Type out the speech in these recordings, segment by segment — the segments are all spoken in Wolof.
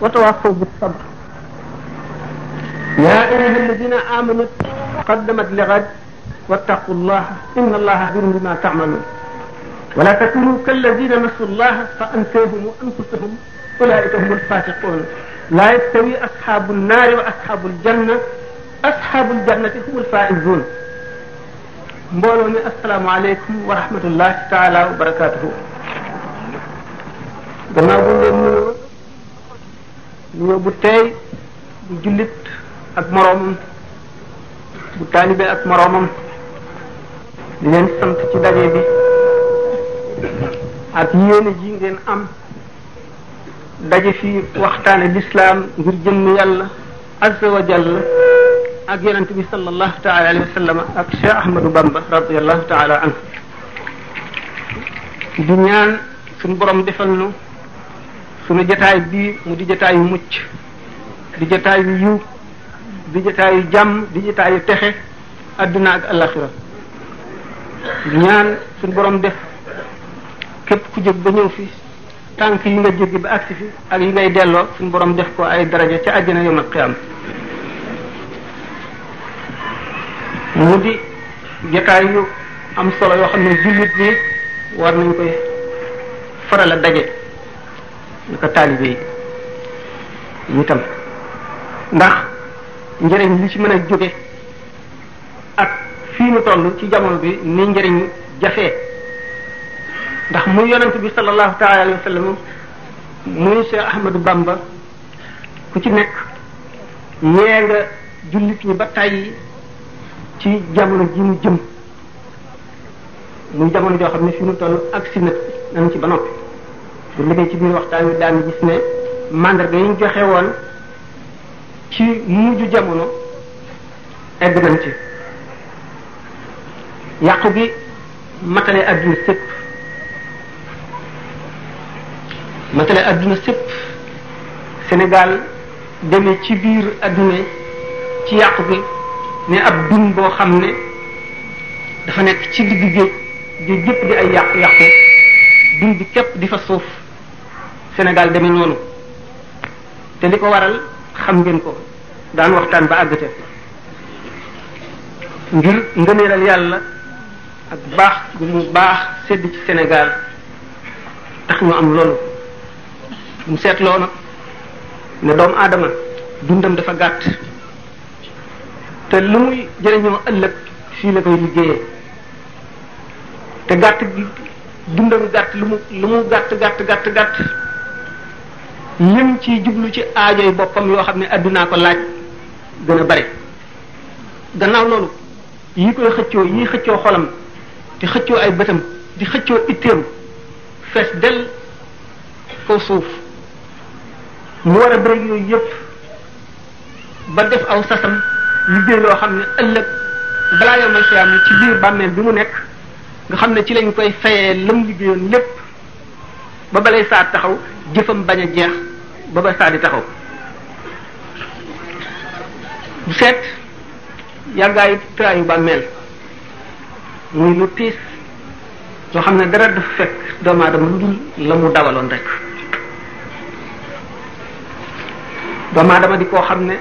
wa tawaasaw bi sabr yaa ayyuha alladina amanu qaddamat li gad wattaqu llaha inna allaha xabirun bima taamaluun wala takunu kalladina nasu llaha fa ansahum anfusahum ulaika hum alfasiqun laa yastawi asxaabu nnaari wa asxaabu ljanna asxaabu ljannati hum alfaaizun mbooloo mi asalaamaaleykum wa rahmatullahi taala wa barakatuhu gannaaw bu leen nuyoo nuyoo bu teey bu jullit ak moroomam bu taalibe ak moroomam di leen sant ci daje bi ak yéene ji ngeen am daje fi waxtaane lislaam ngir jëmm yàlla azza wa jalla ak yonent bi sallallahu taala alayhi wa sallam ak Cheikh Ahmadou Bamba radiallahu taala anhu di ñaan suñu borom defal nu sunu jotaay bii mu di yu mucc di jotaayu yiw di jotaayu jàmm di jotaayu texe adduna ak alaxira ñaan suñu borom def képp ku jóg ba ñëw fi tànk yi nga jóge ba agsi fi ak yi ngay delloo suñu borom def ko ay daraja ca àjjana yawmal qiyaam mu di jotaay yu am solo yoo xam ne jullit bi war nañ koy faral a daje ni ko taalibe yi ñu tam ndax njëriñ li ci mën a jóge ak fii nu toll ci jamono bi ni njëriñ jafee ndax muy yonent bi sallallahu taala alayhi wa sallam muy Cheikh Ahmadou Bamba ku ci nekk ñee nga jullit ñi ba tàyyi ci jamono ji mu jëm muy jamono joo xam ne fii nu toll ak si na nañ ci ba noppi bu liggéey ci biir waxtaan wi daan gis ne màndarga yi ñu joxe woon ci mujj jamono egg nañ ci yàqu gi matale àdduna sëpp matale adduna sëpp Sénégal demee ci biir adduna ci yàqu bi ne ab dun boo xam ne dafa nekk ci digg géej géej gépp di ay yàqu yàqu dun bi képp di fa suuf Sénégal demee noonu te li ko waral xam ngeen ko daan waxtaan ba àgg te ngir ngëneelal yàlla ak baax bu mu baax sedd ci Sénégal tax ñu am loolu mu seetloo nag ne doomu aadama dundam dafa gàtt te lu muy jëriñoo ëllëg fii la koy liggéeyee te gàtt gi dundam gàtt lu mu gàtt gàtt gàtt gàtt lim ci jublu ci aajoy boppam yoo xam ne addunaa ko laaj gën a bari gannaaw loolu yi koy xëccoo yi xëccoo xolam di xëccoo ay bëtam di xëccoo itteem fees del kaw suuf mu war a bëri yooyu yëpp ba def aw sasam liggéey loo xam ne ëllëg balaa yow may xiyaam ci biir bàmmeel bi mu nekk nga xam ne ci lañ koy fayee lam liggéeyoon lépp ba balay saa taxaw jëfam bañ a jeex ba ba saa di taxaw bu seet yàggaayu traayu bàmmeel muy lu tiis loo xam ne dara du fekk doomu aadama lu la mu dawaloon rek doomu aadama di koo xam ne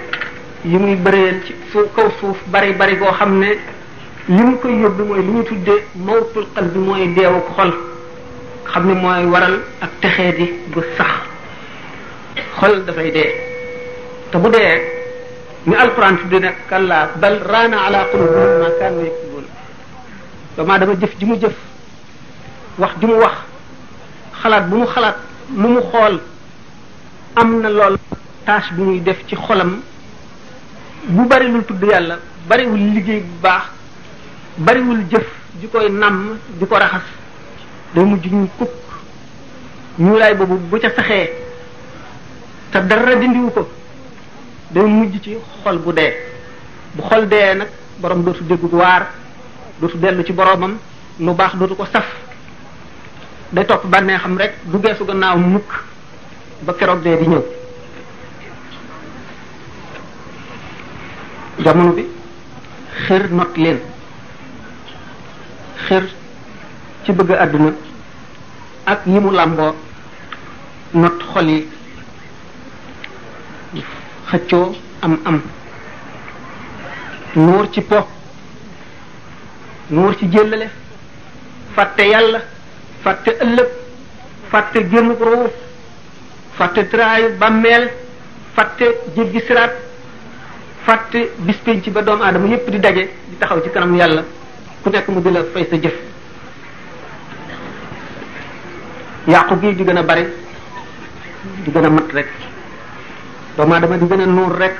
yi muy bëreel ci suuf kaw suuf bari bari koo xam ne li mu koy yóbbu mooy li ñu tuddee mawtul qalbi mooy deewu xol xam ni mooy waral ak texee di gu sax xol dafay dee te bu dee ni alquran tudde nag kalla bal raana ala qulubihim ma kaanu yaksibun dama dama jëf ji mu jëf wax ji mu wax xalaat bu mu xalaat lu mu xool am na lool tâche bu muy def ci xolam bu bari lu tudd yàlla bariwul liggéey bu baax bariwul jëf ju koy nàmm di ko raxas day mujj ñuy kukk ñuulaay boobu bu ca saxee te dara dindiwu ko day mujj ci xol bu dee bu xol dee nag borom dootu déggu waar dootu dellu ci boromam lu baax dootu ko saf day topp bànnee rekk rek du gannaaw mukk ba keroog dee di ñëw jamono bi xër not leen xër ci bëgg àdduna ak yi mu làmboo not xol yi xëccoo am am nuur ci po nuur ci jëllale fàtte yàlla fàtte ëllëg fàtte génn roowu fàtte traayu bàmmeel fàtte jéggi siraat fàtte bis pénc ba doomu aadama yépp di daje di taxaw ci kanam yàlla ku nekk mu di la fay sa jëf yàqu gi di gën a bari di gën a mat rek doomu aadama di gën a nuur rek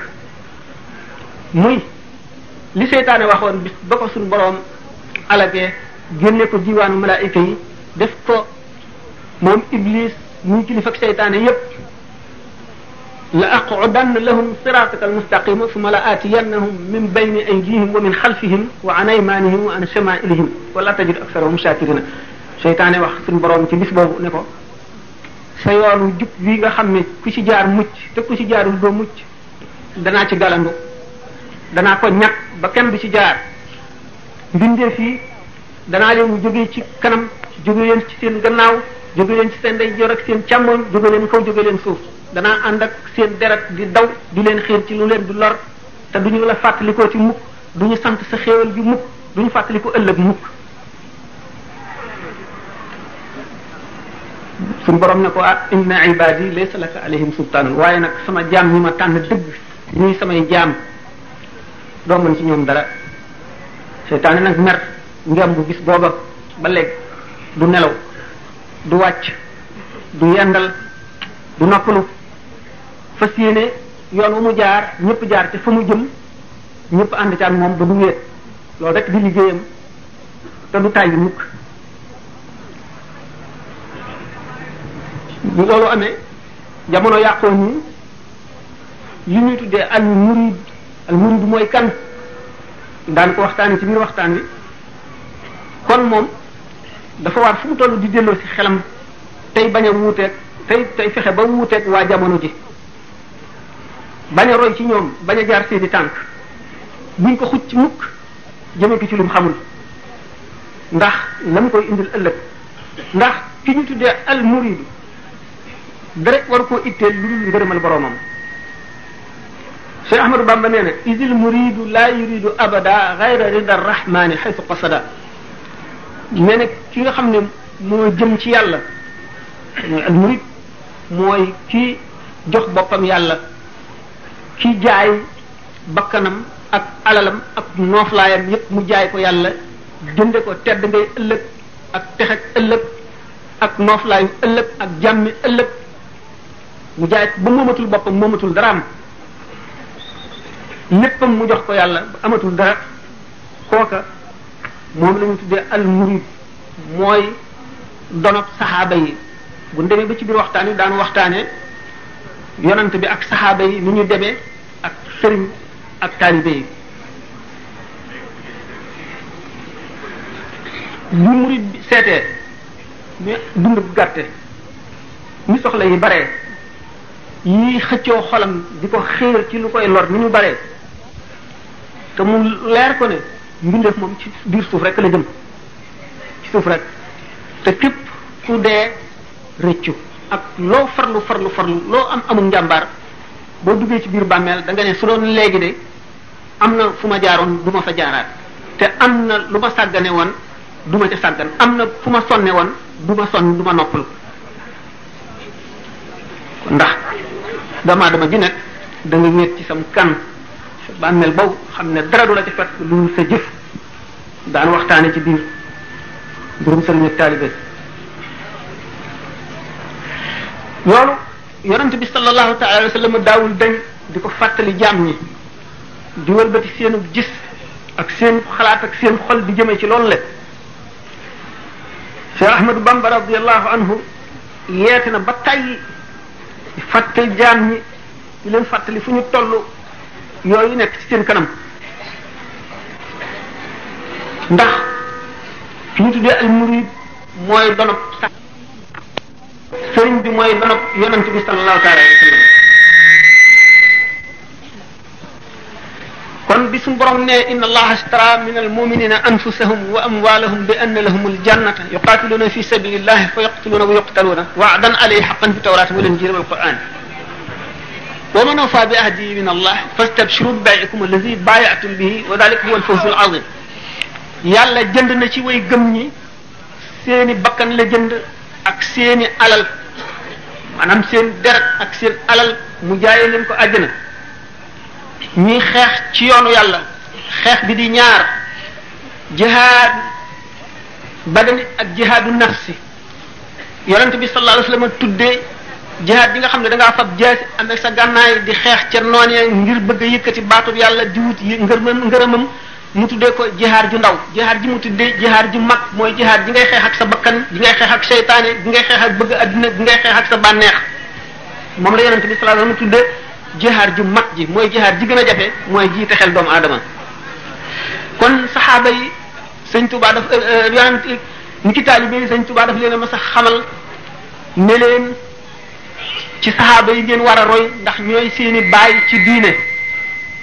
muy li seytaane waxoon bis ba ko suñu boroom alagee génne ko diwaanu malaayika yi def ko moom iblis muy kilifa ak seytaane yépp la aqudann lahum siraataka almustaqima summa la aatiyannahum min bayni aydihim wa min xalfihim wa an aymanihim wa an shamailihim wala tajid aksarahum shakirina seytaane wax suñu borom ci bis boobu ne ko sa yoonu jub wi nga xam ne ku ci jaar mucc te ku ci jaarul doo mucc danaa ci galandu danaa ko ñàkk ba kenn bi ci jaar mbindeef yi danaa leen jóge ci kanam jóge leen ci seen gannaaw jóge leen ci seen ndeyjoor ak seen càmmoñ jóge leen kaw jóge leen suuf danaa ànd ak seen deret di daw di leen xiir ci lu leen du lor te du ñu la fàttalikoo ci mukk duñu sant sa xéewal bi mukk duñu fàttaliko ëllëg mukk suñu borom ne ko ah inna ibadi laysa laka alayhim sultaanun waaye nag sama jaam ñi ma tànn dëgg ñii samay jaam doo mën ci ñoom dara seytaane nag mer ngem bu bis booba ba léegi du nelaw du wàcc du yendal du noppalu fas yéene yoon wu mu jaar ñëpp jaar ci fa mu jëm ñëpp ànd ci ak moom ba du wéet loolu rek di liggéeyam te du tàyyi mukk bu loolu amee jamono yàqoo ñi yu ñuy tuddee al murid al murid mooy kan daan ko waxtaani ci biir waxtaan wi kon moom dafa war fu mu toll di delloo ci xelam tey bañ a wuuteeg tey tey fexe ba wuuteeg waa jamono ji bañ a roy ci ñoom bañ a jaar seeni tànk buñ ko xucc mukk jëme ko ci lu mu xamul ndax la mu koy indil ëllëg ndax ki ñu tuddee al muridu dara war koo itteel lu dul ngërëmal boromam Cheikh Ahmadou Bamba nee na isil muridu laa yuridu abada xayra rida rahmani xaytu qasada nee na ki nga xam ne moo jëm ci yàlla al murid mooy ki jox boppam yàlla ki jaay bakkanam ak alalam ak nooflaayam yépp mu jaay ko yàlla jënde ko tedd ngay ëllëg ak texeg ëllëg ak nooflaayu ëllëg ak jàmmi ëllëg mu jaay ba moomatul boppam moomatul daraam léppam mu jox ko yàlla amatul dara kooka moom la tuddee al mooy donop saxaaba yi bu demee ba ci biir waxtaan yi daan waxtaanee yonant bi ak saxaaba yi ni ñu demee ak sëriñ ak taalibe yi bu murid bi seetee ñu dund bu gàtte ñu soxla yi bare yii xëccoo xolam di ko xéer ci lu koy lor ni mu baree te mu leer ko ne mbindeef moom ci biir suuf rek la dem ci suuf rek te képp ku dee rëccu ak loo farlu farlu farlu loo am amul njàmbaar boo duggee ci biir bàmmeel da nga ne su doon léegi de am na fu ma jaaroon du ma fa jaaraat te am na lu ma sàggane woon duma ma ca sàggan am na fu ma sonne woon du ma sonn du ma noppal ndax doomu aadama ji nag da nga ñet ci sam kan sa bàmmeel boobu xam ne dara du la ci fekk waxtaane ci biir mbirum sëriñ ak taalibe loolu yonent bi sallallahu taala wa sallam daawul dañ di ko fàttali jaam ñi di wëlbati seenu gis ak seen xalaat ak seen xol di jëmee ci loolu la Cheikh Ahmadou Bamba radiallahu anhu yeete na ba di fàttali jaam ñi di leen fàttali fu ñu toll yooyu nekk ci seen kanam ndax fi ñu tuddee al murid mooy donop sëriñ bi mooy donop yonent bi sallallahu taala alayhi wa sallam kon bi suñu borom ne inna allaha ashtara min almuminina anfusahum wa amwalahum bi anna lahum aljannata yuqatiluna fi sabilillahi fa yaqtuluna wa yuqtaluna waadan alayhi haqqan fi tawrati wal injil wal quran wa man awfa bi ahdi min allah fastabshiru bi baikum allazi baayatum bihi wa dalika huwa alfawzu alazim yàlla jënd na ci way gëm ñi seeni bakkan la jënd ak seeni alal maanaam seen deret ak seen alal mu jaayee leen ko àjjana ñuy xeex ci yoonu yàlla xeex bi di ñaar jihaad badani ak jihaadu nafsi yonent bi sallallahu alayhi wasallam tuddee jihaad bi nga xam ne danga ngaa fab am amee sa gànnaay di xeex ca noonee ngir bëgg a yëkkati baatub yàlla di wut ngërëm ngërëmam mu tuddee ko jihaar ju ndaw jihaar ji mu tuddee jihaar ju mag mooy jihaar ji ngay xeex ak sa bakkan ji ngay xeex ak seytaane ji ngay xeex ak bëgg adduna ji ngay xeex ak sa bànneex moom la yonent bi sallallahu alayhi jihaar ju mag ji mooy jihaar ji gën a jafe mooy jiite xel doomu aadama kon saxaaba yi sëñ Tuba daf euh, euh, ki taalibe yi sëñ Tuba daf leen ma sax a xamal ne leen ci saxaaba yi ngeen war a roy ndax ñooy seeni baay ci diine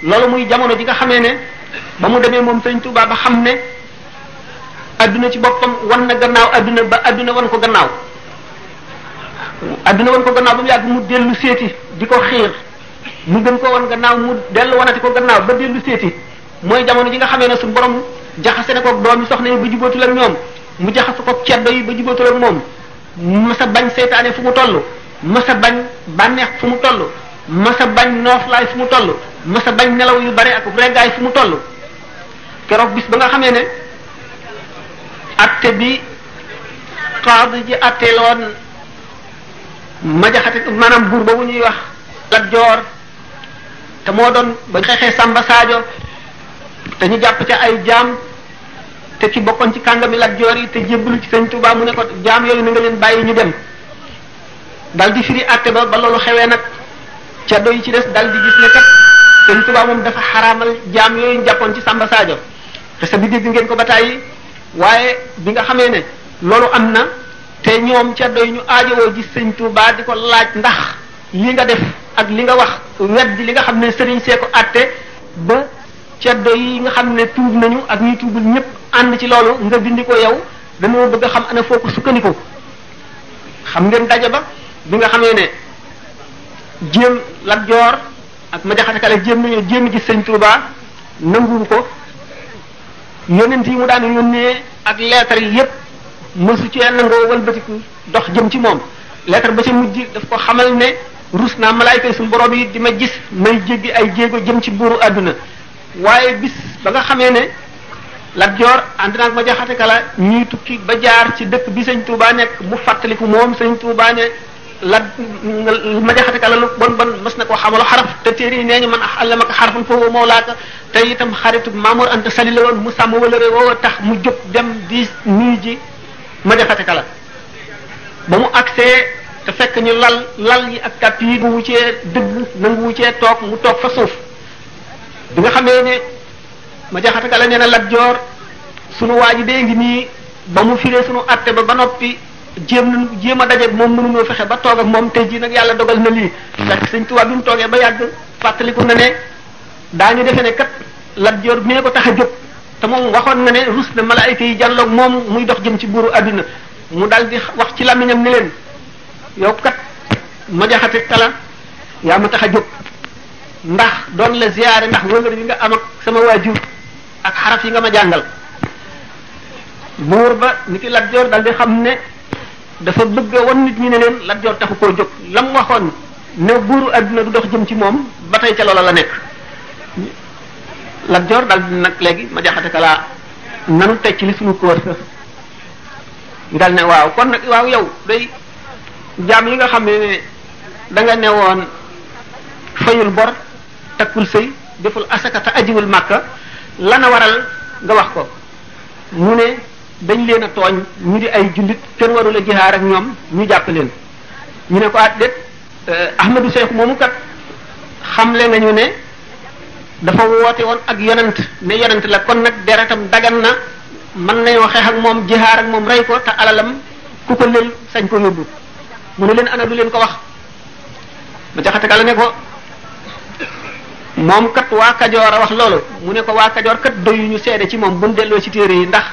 loolu muy jamono ji nga xamee ne ba mu demee moom sëñ Tuba ba xam ne adduna ci boppam wan na gannaaw adduna ba adduna wan ko gannaaw adduna wan ko gannaaw ba mu yàgg mu dellu seeti di ko xiir mu dem ko wan gannaaw mu dellu wanati ko gannaaw ba dellu seeti mooy jamono ji nga xamee ne suñu borom jaxase na koog doom yi soxna yi ba jubootul ak ñoom mu jaxase koog ceddo yi ba jubootul ak moom masa bañ seytaane fu mu toll masa bañ bànneex fu mu toll masa bañ nooflaay fu mu toll masa bañ nelaw yu bare ak reggaay fu mu toll keroog bis ba nga xamee ne atte bi qaadi ji atteeloon ma jaxate maanaam buur boobu ñuy wax Lat Joor te moo doon ba xeexee Samba Sadio te ñu jàpp ca ay jaam te ki bokkoon ci kàngami Lat Joor yi te jébbalu ci Sëñ Tuubaa mu ne ko jaam yooyu na nga leen bàyyi ñu dem dal di firi àtte ba ba loolu xewee nag caddo yi ci des dal di gis ne kat Sëñ Tuubaa moom dafa xaraamal jaam yooyu jàppoon ci Samba Sadio xese bi dégg ngeen ko ba tàyyi waaye bi nga xamee ne loolu am na te ñoom caddo yi ñu aajowoo gis Sëñ Tuubaa di ko laaj ndax li nga def ak li nga wax weddi li nga xam ne sëriñ see ko àtte ba ceddo yi nga xam ne tuub nañu ak ñuy tuubul ñëpp ànd ci loolu nga dindi ko yow dañoo bëgg a xam ana foo ko sukkandiku xam ngeen daje ba bi nga xamee ne jéem Lat Joor ak ma jaxate kale jéem nañu jéem ci sëñ Touba nanguwu ko yonent ti mu daan yónnee ak leetar yi yépp mësu ci nangoo walbatiku dox jëm ci moom leetar ba ca mujj daf ko xamal ne rus naa malaayka suñu borom yi di ma gis may jéggi ay jéego jëm ci buuru adduna waaye bis ba nga xamee ne Lat Joor ànd naag ma jaxate kala ñuy tukki ba jaar ci dëkk bi sëñ Touba nekk mu fàttaliku moom sëñ Touba ne lat ma jaxate kala lu bon bon mas na ko te téere nee ñu man allamaka xarfan foofu mawlaaka te itam xaritu Mamour Anta la mu sàmm wala woo tax mu jóg dem di nuyu ba mu agsee te fekk ñu lal lal yi ak tapis yi nanguwu cee dëgg nangu cee toog mu toog fa suuf bi nga xamee ne ma jaxata gala nee na Lat Joor sunu waa ji dee ngi nii ba mu firee sunu atte ba ba noppi jéem nañu jéem a daje moom mënuñoo fexe ba toog ak moom tey jii nag yàlla dogal na lii. fekk sëñ Tuubaa bi mu toogee ba yàgg fàttaliku na ne ñu defe ne kat Lat Joor mee ko tax a jóg te moom waxoon na ne rus na malaayika yi jàlloog moom muy dox jëm ci buuru àdduna mu dal di wax ci làmmiñam ne leen. yow kat ma jaxati tala yaa ma tax a jóg ndax doon la ziyaare ndax wëngër yi nga am ak sama waajur ak xaraf yi nga ma jàngal buur ba nit ki Lat dal di xam ne dafa bëgg a wan nit ñi ne leen Lat Joor taxu koo jóg lam waxoon ne buuru àdduna du dox jëm ci moom ba tey ca loola la nekk Lat Joor dal nag léegi ma jaxate kalaa nanu teg ci li suñu kóor sa dal ne waaw kon waaw yow day jaam li nga xam ne da nga ne woon fayul bor takkul sëy deful asaka te ajiwul màkka lan waral nga wax ko mu ne dañ leen a tooñ ñu di ay jullit kenn warul a jihaar ak ñoom ñu jàpp leen ñu ne ko at ah, déet euh, ahmadu seex moomu kat xam leen nañu ne dafa woote woon ak yonent ne yonent la kon nag deretam dagan na mën nañoo xeex ak moom jihaar ak moom rey ko te alalam ku ko lël sañ ko yóbbu mu ne leen ana du leen ko wax ma jaxate la ne ko moom kat waa kajoor a wax loolu mu ne ko waa kajoor kat yu ñu seede ci moom bu ñu delloo ci téere yi ndax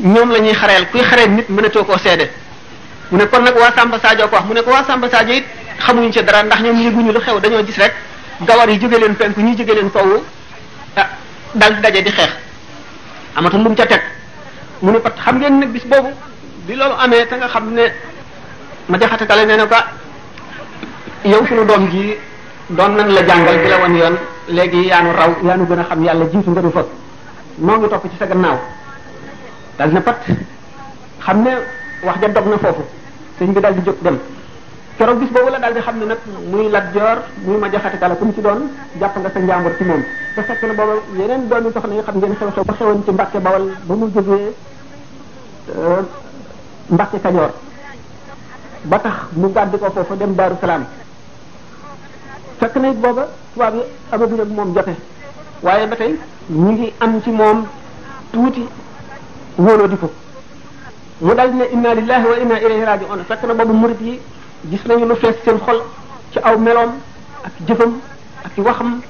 ñoom la ñuy xareel kuy xareel nit mënatoo koo seede mu ne kon nag waa Samba Sadio ko wax mu ne ko waa Samba Sadio it xamuñu ci dara ndax ñoom yëguñu lu xew dañoo gis rek gawar yi jóge leen penku ñuy jóge leen foofu ah dal daje di xeex amatul lu mu ca teg mu ne pat xam ngeen nag bi loolu amee ne ma jaxatakale nee na ko yow sunu doom ji doon nan la jàngal di la wan yoon léegi yaanu raw yaanu gën a xam yàlla jiitu nga du fa noo ngi topp ci sa gannaaw dal na pat xam ne wax ja dog na foofu sëñ bi dal di jóg dem keroog bis boobu la daal di xam ne nag muy Lat Joor muy ma jaxatikala ku mu ci doon jàpp nga sa njàmbur ci moom te fekk na booba yeneen doomi soxna yi xam ngeen xew xew ba xewoon ci Mbàkke Bawal ba mu jógee euh, Mbàkke Kajoor ba tax mu gàddi ko foofu dem Daaru Salaam fekk na it booba tubaab yi amatuñu ak moom jote waaye ba tey ñu ngi am ci moom tuuti wóoloo di ko mu dal ne inna lillahi wa inna ilayhi raji'un fekk na boobu murid yi gis nañu lu fees seen xol ci aw meloom ak jëfam ak waxam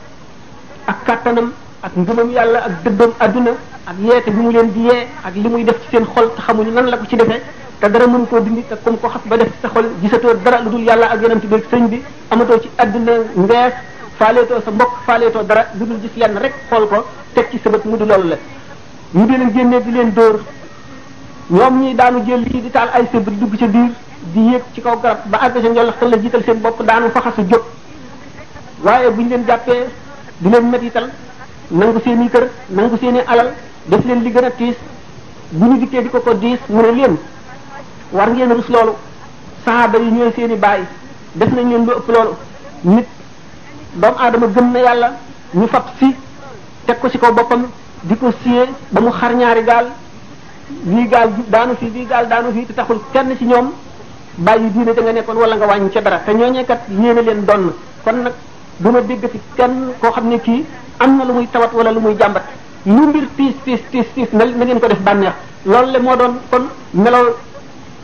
ak kàttanam ak ngëmam yàlla ak dëddam adduna ak yeete bi mu leen di ak li muy def ci seen xol te xamuñu nan la ko ci defee te dara mënu koo dindi te comme ko xas ba def ci sa xol gisatoo dara lu dul yàlla ak yonent bi ak sëñ bi amatoo ci àdduna ngees faaleetoo sa mbokk faaleetoo dara lu dul gis lenn rek xool ko teg ci sabat mu du loolu la mu di leen génnee di leen dóor ñoom ñi daanu jël lii di taal ay sëb di dugg ca biir di yéeg ci kaw garab ba àgg sa njol xel la jiital seen bopp daanu fa xasu jóg waaye bu ñu leen jàppee di leen mettital nangu seen i kër nangu seen i alal def leen li gën a tiis bu ñu dikkee di ko ko diis leen war ngeen rus loolu saaba yi ñooy seen i bàyyi def nañ leen lu ëpp loolu nit doomu aadama gëm na yàlla ñu fab si teg ko ci ko boppam di ko siyee ba xar ñaari gaal lii gaal daanu fii lii gaal daanu fii te taxul kenn ci ñoom bàyyi diine da nga nekkoon wala nga wàññi ca dara te ñoo kat yéene leen donn kon nag du ma dégg fi kenn koo xam ne kii am na lu muy tawat wala lu muy jàmbat lu mbir tiis tiis tiis tiis na ngeen ko def bànneex loolu le moo doon kon melaw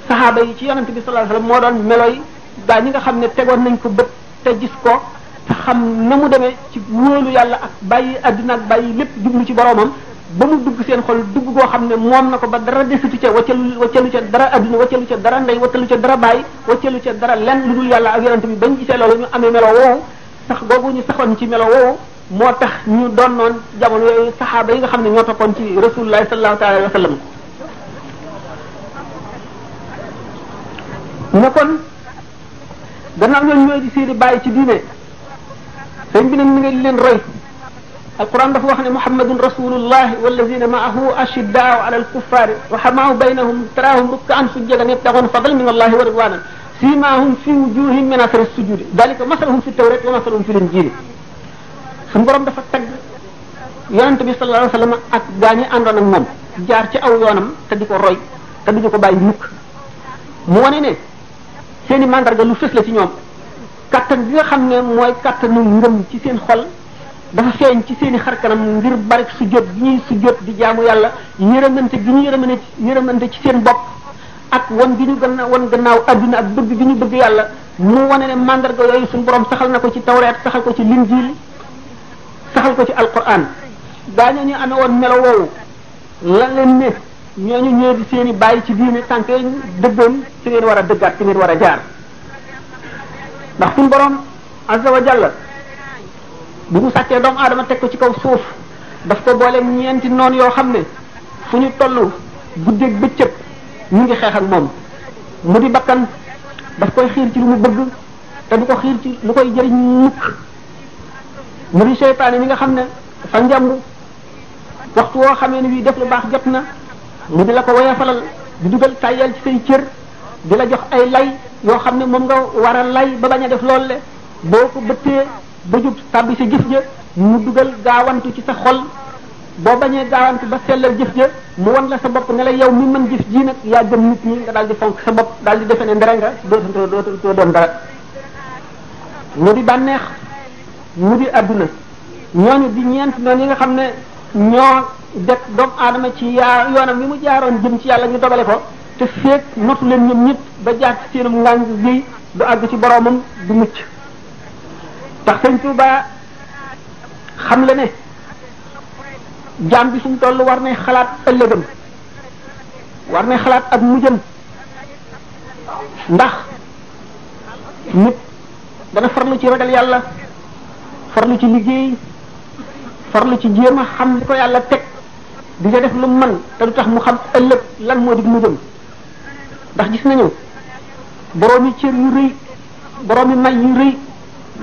saxaaba yi ci yonent bi sallallahu moo doon melo yi gaa ñi nga xam ne tegoon nañ ko bët te gis ko te xam na mu demee ci wóolu yàlla ak bàyyi àddina ak bàyyi lépp jublu ci boroomam ba mu dugg seen xol dugg koo xam ne moom na ko ba dara desitu ca waccalu waccalu ca dara adduna waccalu ca dara ndey waccalu ca dara bàyyi waccalu ca dara len lu dul yàlla ak yonent bi bañ gisee loolu ñu amee melo woowu sax googu ñu saxoon ci melo woowu moo tax ñu doon noon jamono yooyu saxaaba nga xam ne ñoo toppoon ci rasulullah sallallahu alayhi wa sallam ñu ne kon gannaaw ñoom ñooy di seeni bàyyi ci diine sëñ bi nag ni nga leen roy alquran dafa wax ne muhammadun rasulullah wallazina maahu ashiddaau ala alkuffari rahamaau baynahum taraahum rukkaan sujjadan yabtaxoon fadlan min allahi wa ridwanan siimaahum fi wujuhim min asari sujudi dalika masalahum fi tawrat wa masalahum fi linjili suñu borom dafa tagg yonent bi sallallahu alayhi wa sallam ak gaa ñi àndoon ak moom jaar ci aw yoonam te di ko roy te duñu ko bàyyi mukk mu wane ne seen i mandarga lu fës la ci ñoom kàttan bi nga xam ne mooy kattanu ngëm ci seen xol dafa feeñ ci seeni i xarkanam ngir bari sujjóot gi ñuy sujjóot di jaamu yàlla yërëmante gi ñu yërëmante yërëmante ci seen bopp ak wan gi ñu gën a wan gannaaw adduna ak bëgg bi ñu bëgg yàlla mu wane ne màndarga yooyu suñu borom saxal na ko ci tawreet saxal ko ci linjiil saxal ko ci alquran gaa ñoo ñu amee woon melo woowu lan leen ne ñooñu ñoo di seen i bàyyi ci diine tànk dëggoon ci ngeen war a dëggaat ci ngeen war a jaar ndax suñu borom azza wa jalla bu mu sàccee doomu aadama teg ko ci kaw suuf daf ko boole ñeenti noon yoo xam ne fu ñu toll guddeeg bëccëg ñu ngi xeex ak moom mu di bakkan daf koy xiir ci lu mu bëgg te du ko xiir ci lu koy jëriñ mukk mu di seytaane mi nga xam ne fa njàmb waxtu woo xamee ne bii def lu baax jot na mu di la ko woyofalal di dugal tayal ci say cër di la jox ay lay yoo xam ne moom nga war a lay ba bañ a def loolu le boo ko bëttee ba jub tàbbi sa jëf ja mu dugal gaawantu ci sa xol boo bañee gaawantu ba sellal jëf ja mu wan la sa bopp ne la yow mi mën jëf ji nag yaa gëm nit ñi nga daal di fonk sa bopp daal di defe ne ndere nga dootoo dootoo doon dara mu di bànneex mu di adduna ñooñu di ñeent yi nga xam ne ñoo dëkk doomu aadama ci yaa yoonam mi mu jaaroon jëm ci yàlla ñu dogale ko te feeg notu leen ñoom ñëpp ba jaar ci seenam ngànj gi du àgg ci boroomam du mucc tax sëñ Tuuba xam la ne jaam bi suñ toll war nay xalaat ëllëgam war nay xalaat ak mujjam ndax nit dana farlu ci ragal yàlla farlu ci liggéey farlu ci jéem a xam li ko yàlla teg di ca def lu mën te du tax mu xam ëllëg lan moo dig mu jëm ndax gis nañu borom yi cër yu rëy borom yi may yu rëy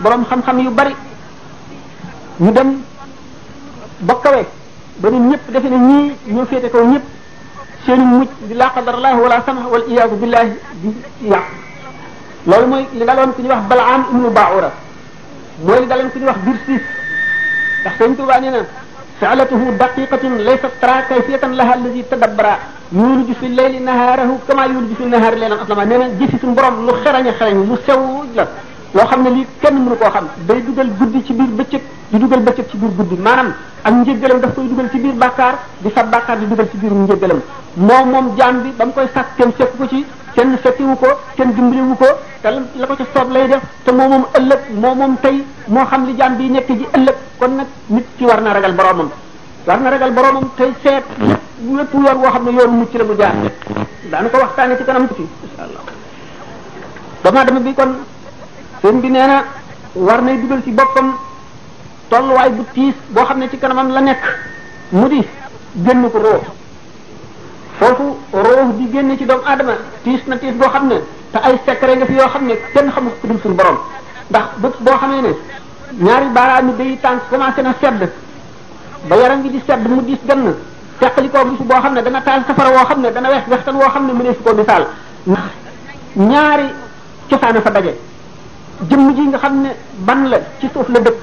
borom xam-xam yu bari ñu dem ba kawe ba nit ñëpp defe ne ñii ñoo féete kaw ñëpp seeni mucc di laa qadarallah wala sama wal iyaasu billahi di yàq loolu mooy li ku ñuy wax balaam ibnu baura mooy li daloon ku ñuy wax biir siis ndax sëñ Tuubaa nee na فعلته دقيقة ليست ترى كيفية لها الذي تدبر يولج في الليل نهاره كما يولج في النهار ليلا أصلا nee na jëfi suñu borom lu xarañ xarañ lu sew la loo xam ne lii kenn mënu koo xam day dugal guddi ci biir bëccëg di dugal bëccëg ci biir guddi maanaam ak njëggalam daf koy dugal ci biir bàkkaar di sa bàkkaar di dugal ci biir njëggalam moom moom jaam bi ba mu koy sàkk kenn fekk ko ci kenn fekkiwu ko kenn dimbaliwu ko te la ko ca soob lay def te moo moom ëllëg moo moom tey moo xam li jaam bi nekk ji ëllëg kon nag ki war na ragal boromam war na ragal boromam tey seet lépp yoon woo xam ne yoonu mucc la bu jaar daanu ko waxtaane ci kanam tuuti insha doomu aadama bi kon sëñ bi nee na war nay dugal ci boppam tolluwaay bu tiis boo xam ne ci kanamam la nekk mu di génn ko roof foofu roof di génn ci doomu aadama tiis na tiis boo xam ne te ay secret nga fi yoo xam ne kenn xamu ku dul suñu borom ndax bët boo xamee ne ñaari baaraami day tànk commencé na sedd ba yaram bi di sedd mu diis gën teqalikoo gisu boo xam ne dana taal safara woo xam ne dana wex wextan woo xam ne mu ne si ko misaal ñaari cosaana fa ji nga xam ne ban la ci suuf la dëkk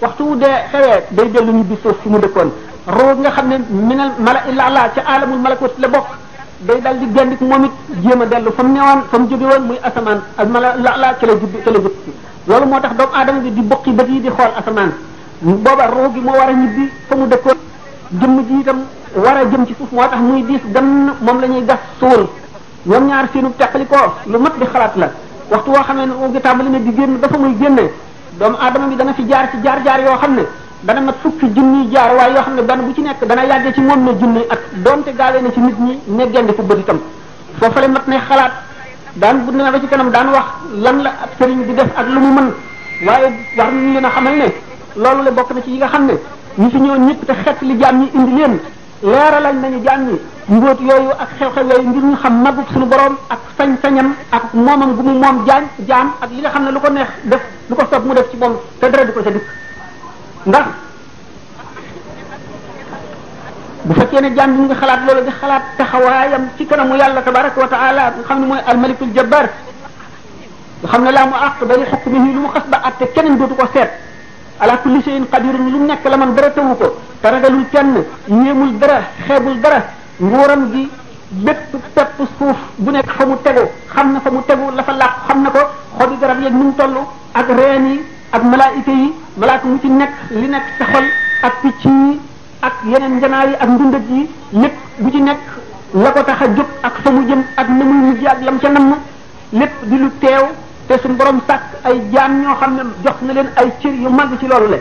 waxtu wu dee xewee day dellu ñibbi suuf si mu dëkkoon roog nga xam ne minal mala illallah ca alamul malakut la bokk day daal di gendik ku it jéem a dellu fa mu newoon fa mu jóge muy asamaan ak mala illallah ca la jubbi ca loolu moo tax doomu aadama bi di bokki bët yi di xool asamaan booba ruu gi moo war a ñibbi fa mu dëkkoon jëmm ji itam war a jëm ci suuf moo tax muy diis gann moom la ñuy gas suul ñoom ñaar seenu teqali ko lu mat di xalaat la waxtu woo xam ne ruu gi tàmbali na di génn dafa muy génne doomu adama bi dana fi jaar ci jaar jaar yoo xam ne dana mat fukki junniy jaar waaye yoo xam ne bana bu ci nekk dana yàggee ci moom ne junni ak doonte gaawee na ci nit ñi ne gendi fu bët itam foofu la mat ne xalaat daan bu ne ba ci kanam daan wax lan la ab sëriñ bi def ak lu mu mën waaye war nañu leen a xamal ne loolu le bokk na ci yi nga xam ne ñu fi ñëw ñëpp te xet li jaam ñi indi leen leeralal nañu jaam ñi mbóot yooyu ak xew-xew yooyu ngir ñu xam magub suñu borom ak fañ sañam ak moomam gu mu moom jaan jaam ak li nga xam ne lu ko neex def lu ko soob mu def ci moom te dara du ko ca dikk ndax bu fekkee ne jaam bi xalaat loolu di xalaat taxawaayam ci kanamu yàlla tabaraka wa taala nga xam ne mooy almalikul jabbar ba xam ne laa mu àq ba li xukmihi lu mu xas ba àtte keneen dootu ko seet ala kulli shay'in qadirun lu mu nekk la man dara tawu ko te ragalul kenn ñeemul dara xeebul dara nguuram gi bépp pepp suuf bu nekk fa mu tegu xam na fa mu tegu la fa làq xam na ko xobi garab yeeg ni mu toll ak reen yi ak malaayika yi malaaka mu ci li nekk sa xol ak picc ak yeneen njanaar yi ak ndundat yi lépp bu ci nekk la ko tax a jóg ak fa mu jëm ak na muy lam ca namm lépp di lu teew te suñu borom sàkk ay jaan ñoo xam ne jox na leen ay cër yu mag ci loolu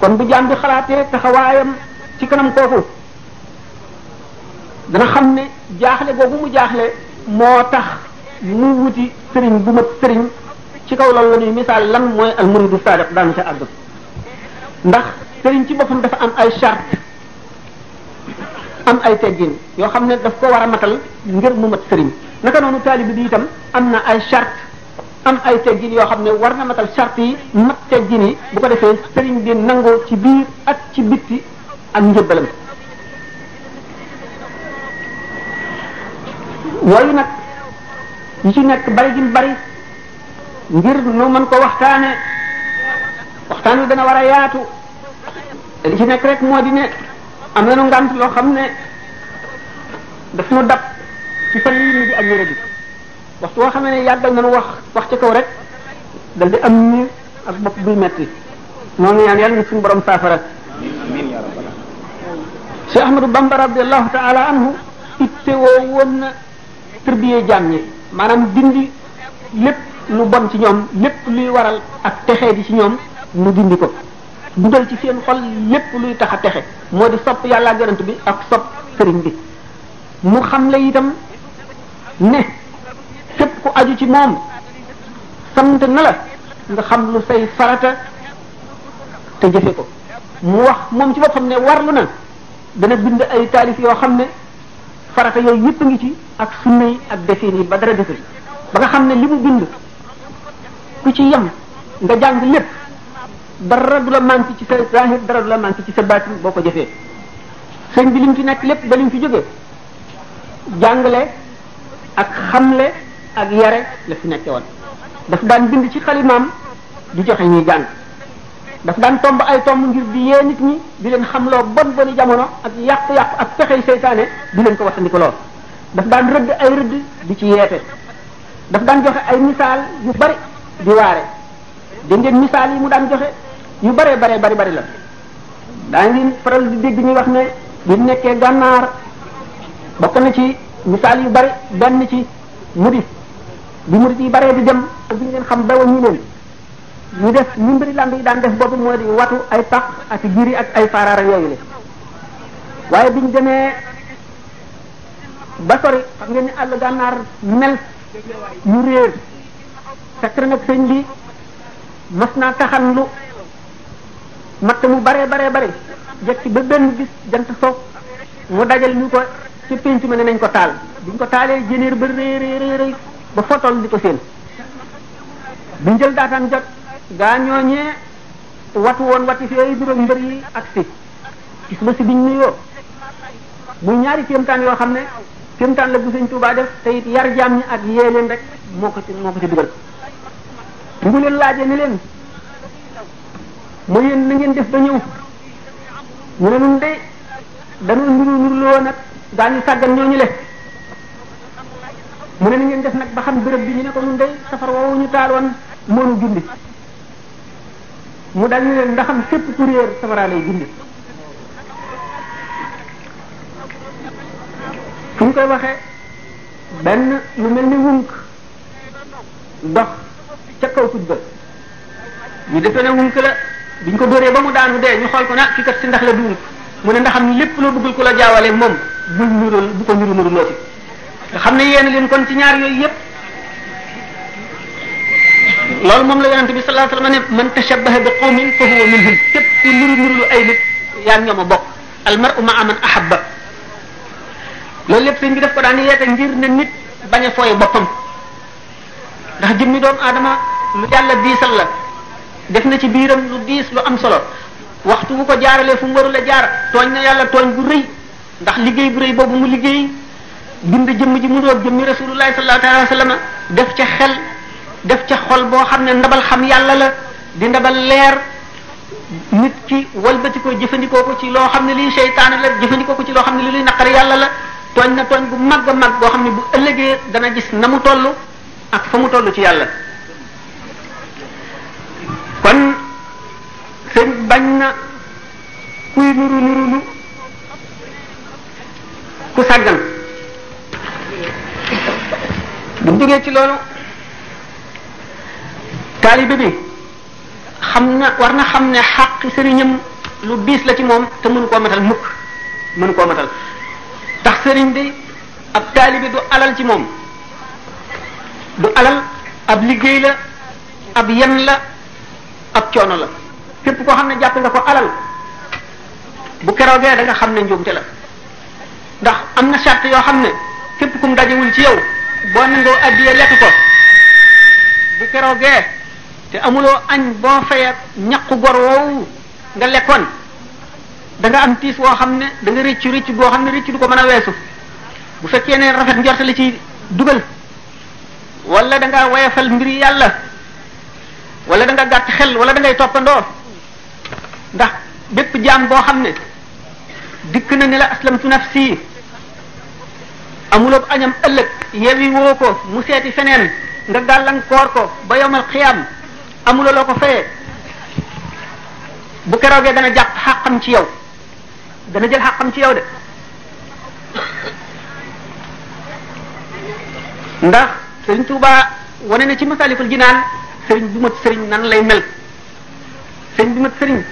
kon bu jaam bi xalaatee taxawaayam ci kanam kooku dana xam ne jaaxle googu mu jaaxle moo tax mu wuti sëriñ bu mat sëriñ ci kaw loolu la ñuy misaal lan mooy almuridu sadiq daanu ca àgg ndax sëriñ ci boppam dafa am ay charte am ay teggin yoo xam ne daf ko war a matal ngir mu mat sëriñ naka noonu taalibe bi itam am na ay charte am ay teggin yoo xam ne war na matal charte yi mat teggin yi bu ko defee sëriñ bi nangoo ci biir ak ci bitti ak njëbbalam yooyu nag yi ci nekk bari gin bari ngir nu mën ko waxtaane waxtaan wi dana war te li ci nekk rek moo di ne am nañu ngant loo xam ne daf ñu dab ci fan yii ñu di ak yére gi waxtu boo xam ne yàggal nañu wax wax ci kaw rek dal di am niir ak bopp buy metti moom ñaan yàlla na suñu borom saafara Cheikh Ahmadou Bamba radiallahu taala anhu itte woo woon na tërbiyee jaam ñi maanaam dindi lépp lu bon ci ñoom lépp lu waral ak texee di ci ñoom mu dindi ko dugal ci seen xol lépp luy tax a texe moo di sopp yàlla garant bi ak sopp sëriñ bi mu xam la itam ne képp ku aju ci moom sant na la nga xam lu say farata te jëfe ko mu wax moom ci xam ne warlu na dana bind ay taalif yoo xam ne farata yooyu yëpp a ngi ci ak sunna ak defin yi ba dara desul ba nga xam ne li mu bind ku ci yem nga jàng lépp dara du la manqué ci sa zahir dara la manqué ci sa baatin boo ko jëfee sëñ bi li ci fi nekk lépp ba li mu jógee jàngale ak xamle ak yare la fi nekke woon daf daan bind ci xalimaam di joxe ñuy jàng daf daan tomb ay tomb ngir di yee nit ñi di leen xamloo bon boni jamono ak yàq-yàq ak pexey seytaane di leen ko waxtandiko lool daf daan rëdd ay rëdd di ci yeete daf daan joxe ay misaal yu bari di waare dégg ngeen misaal yi mu daan joxe yu bare bare bari bari la daa ngi faral di dégg ñu wax ne bi nekkee gànnaar bokk na ci misaal yu bari benn ci murid bi murid yi baree bi dem ak ñu leen xam dawa ñu leen ñu def ñu mbiri lamb yi daan def boobu moo di watu ay pax ak giri ak ay faaraara yooyu la waaye biñ demee ba sori xam ngeen ni àll gànnaar mel ñu réer fekk nag sëñ bi mas naa taxan matt mu bare bare bare jekki ba benn bis jant so mu dajal ñu ko ci pénc ma ne nañ ko taal buñ ko taalee jénéer ba rëy rëy rëy ba fotol di ko seen bu njël daataan jot gaa ñooñee watu woon wati fee yi duróog mbër yi ak si gis ba si biñ nuyoo muy ñaari kéemtaan yoo xam ne kéemtaan la bu sëñ Tuubaa def te it yar jaam ñi ak yee leen rek moo ko ci moo ko ci dugal. bu leen laajee ne leen mu yéen na ngeen def ba ñëw ñu ne ñun de dañoo niru niru loo nag daañu sàggan ñooñu le mu ne na ngeen def nag ba xam bërëb bi ñu ne ko ñun de safar ñu taal woon moonu gindi mu dal ndaxam fépp ku fu ñu koy waxee benn lu mel ni wunk dox ca kaw tut ba ñu defe ne wunk la biñ ko dóoree ba mu daanu dee ñu xool ko na ah, ki kat si ndax la duurut mu ne ndaxam ni lépp loo bëggul ku la jaawale moom bul bu ko nuru nuru loo fi nga xam ne kon ci ñaar yooyu yépp loolu moom la yonente bi sallallahu alayhi wasallam ne man tashabbaha bi qawmin fa huwa minhum képp ci nuru nuru lu ay nit yaa ñoom a bokk al mar'u ma'a a ahabba loolu lépp sëñ bi daf ko daan yeete ngir ne nit bañ a fooye boppam ndax mi doomu aadama lu yàlla diisal la def na ci biiram lu diis lu am solo waxtu bu ko jaaralee fu mu warul a jaar tooñ na yàlla tooñ bu rëy ndax liggéey bu rëy boobu mu liggéey bind jëmm ji mu roog jëmmi rasulullahi sallallahu alayhi wa sallam def ca xel def ca xol boo xam ne ndabal xam yàlla la di ndabal leer nit ki walbati ko jëfandikoo ko ci loo xam ne lii seytaane la jëfandikoo ko ci loo xam ne li luy naqari yàlla la tooñ na tooñ bu mag a mag boo xam ne bu ëllëgee dana gis na mu toll ak fa mu tollu ci yàlla kon sëriñ bañ na kuy nuru nuru lu ku sàggan bu jógee ci loolu taalibe bi xam na war na xam ne xàq sëriñam lu diis la ci moom te mënu koo matal mukk mënu koo matal tax sëriñ bi ab taalibe du alal ci moom du alal ab liggéey la ab yen la coono la képp koo xam ne jàpp nga ko alal bu keroogee da nga xam ne te la ndax am na charte yoo xam ne képp kum dajewul ci yow boo nangoo addiya lekk ko bu keroogee te amuloo añ boo fayee ñaqu gor woowu nga lekkoon danga am tiis woo xam ne da nga rëccu rëccu boo xam ne rëccu du ko mën a weesu bu fekkee ne rafet njort la ci dugal wala danga nga wayafal mbiri yàlla wala da gàtt xel wala da toppandoo ndax bépp jaam boo xam ne dikk na ne la aslamtu nafsi amuloo añam ëllëg yewi woo ko mu seeti feneen nga gàllankoor ko ba yomal xiyam amuloo loo ko fayee bu keroogee dana jàpp xàqam ci yow dana jël xàqam ci yow de ndax Sëriñ Tuubaa wane na ci Masaalikul Jinaan sëriñ bu mat sëriñ nan lay mel sëriñ bu mat sëriñ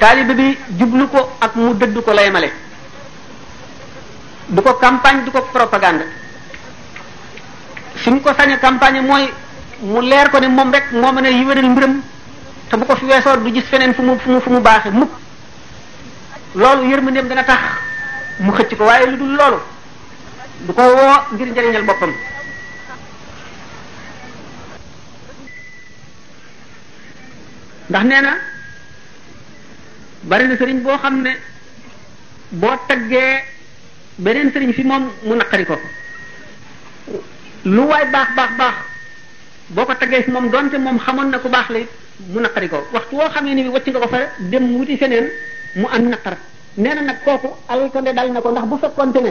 taalibe bi jublu ko ak mu dëdd ko lay male du ko campagne du ko propagande suñ ko sañee campagne mooy mu leer ko ne moom rek moo mën a yiwéral mbiram te bu ko fi weesoor du gis feneen fu mu fu mu fu mu baaxe mukk loolu yërmandeem dana tax mu xëcc ko waaye lu dul loolu du ko woo ngir njëriñal boppam ndax nee na bari na sëriñ boo xam ne boo taggee beneen sëriñ fi moom mu naqari ko lu waay baax baax baax boo ko taggee fi moom donte moom xamoon na ku baax la mu naqari ko waxtu woo xamee ni bi wacc nga ko fa dem wuti feneen mu am naqar nee na nag kooku alal ko ne na ko ndax bu fekkonte ne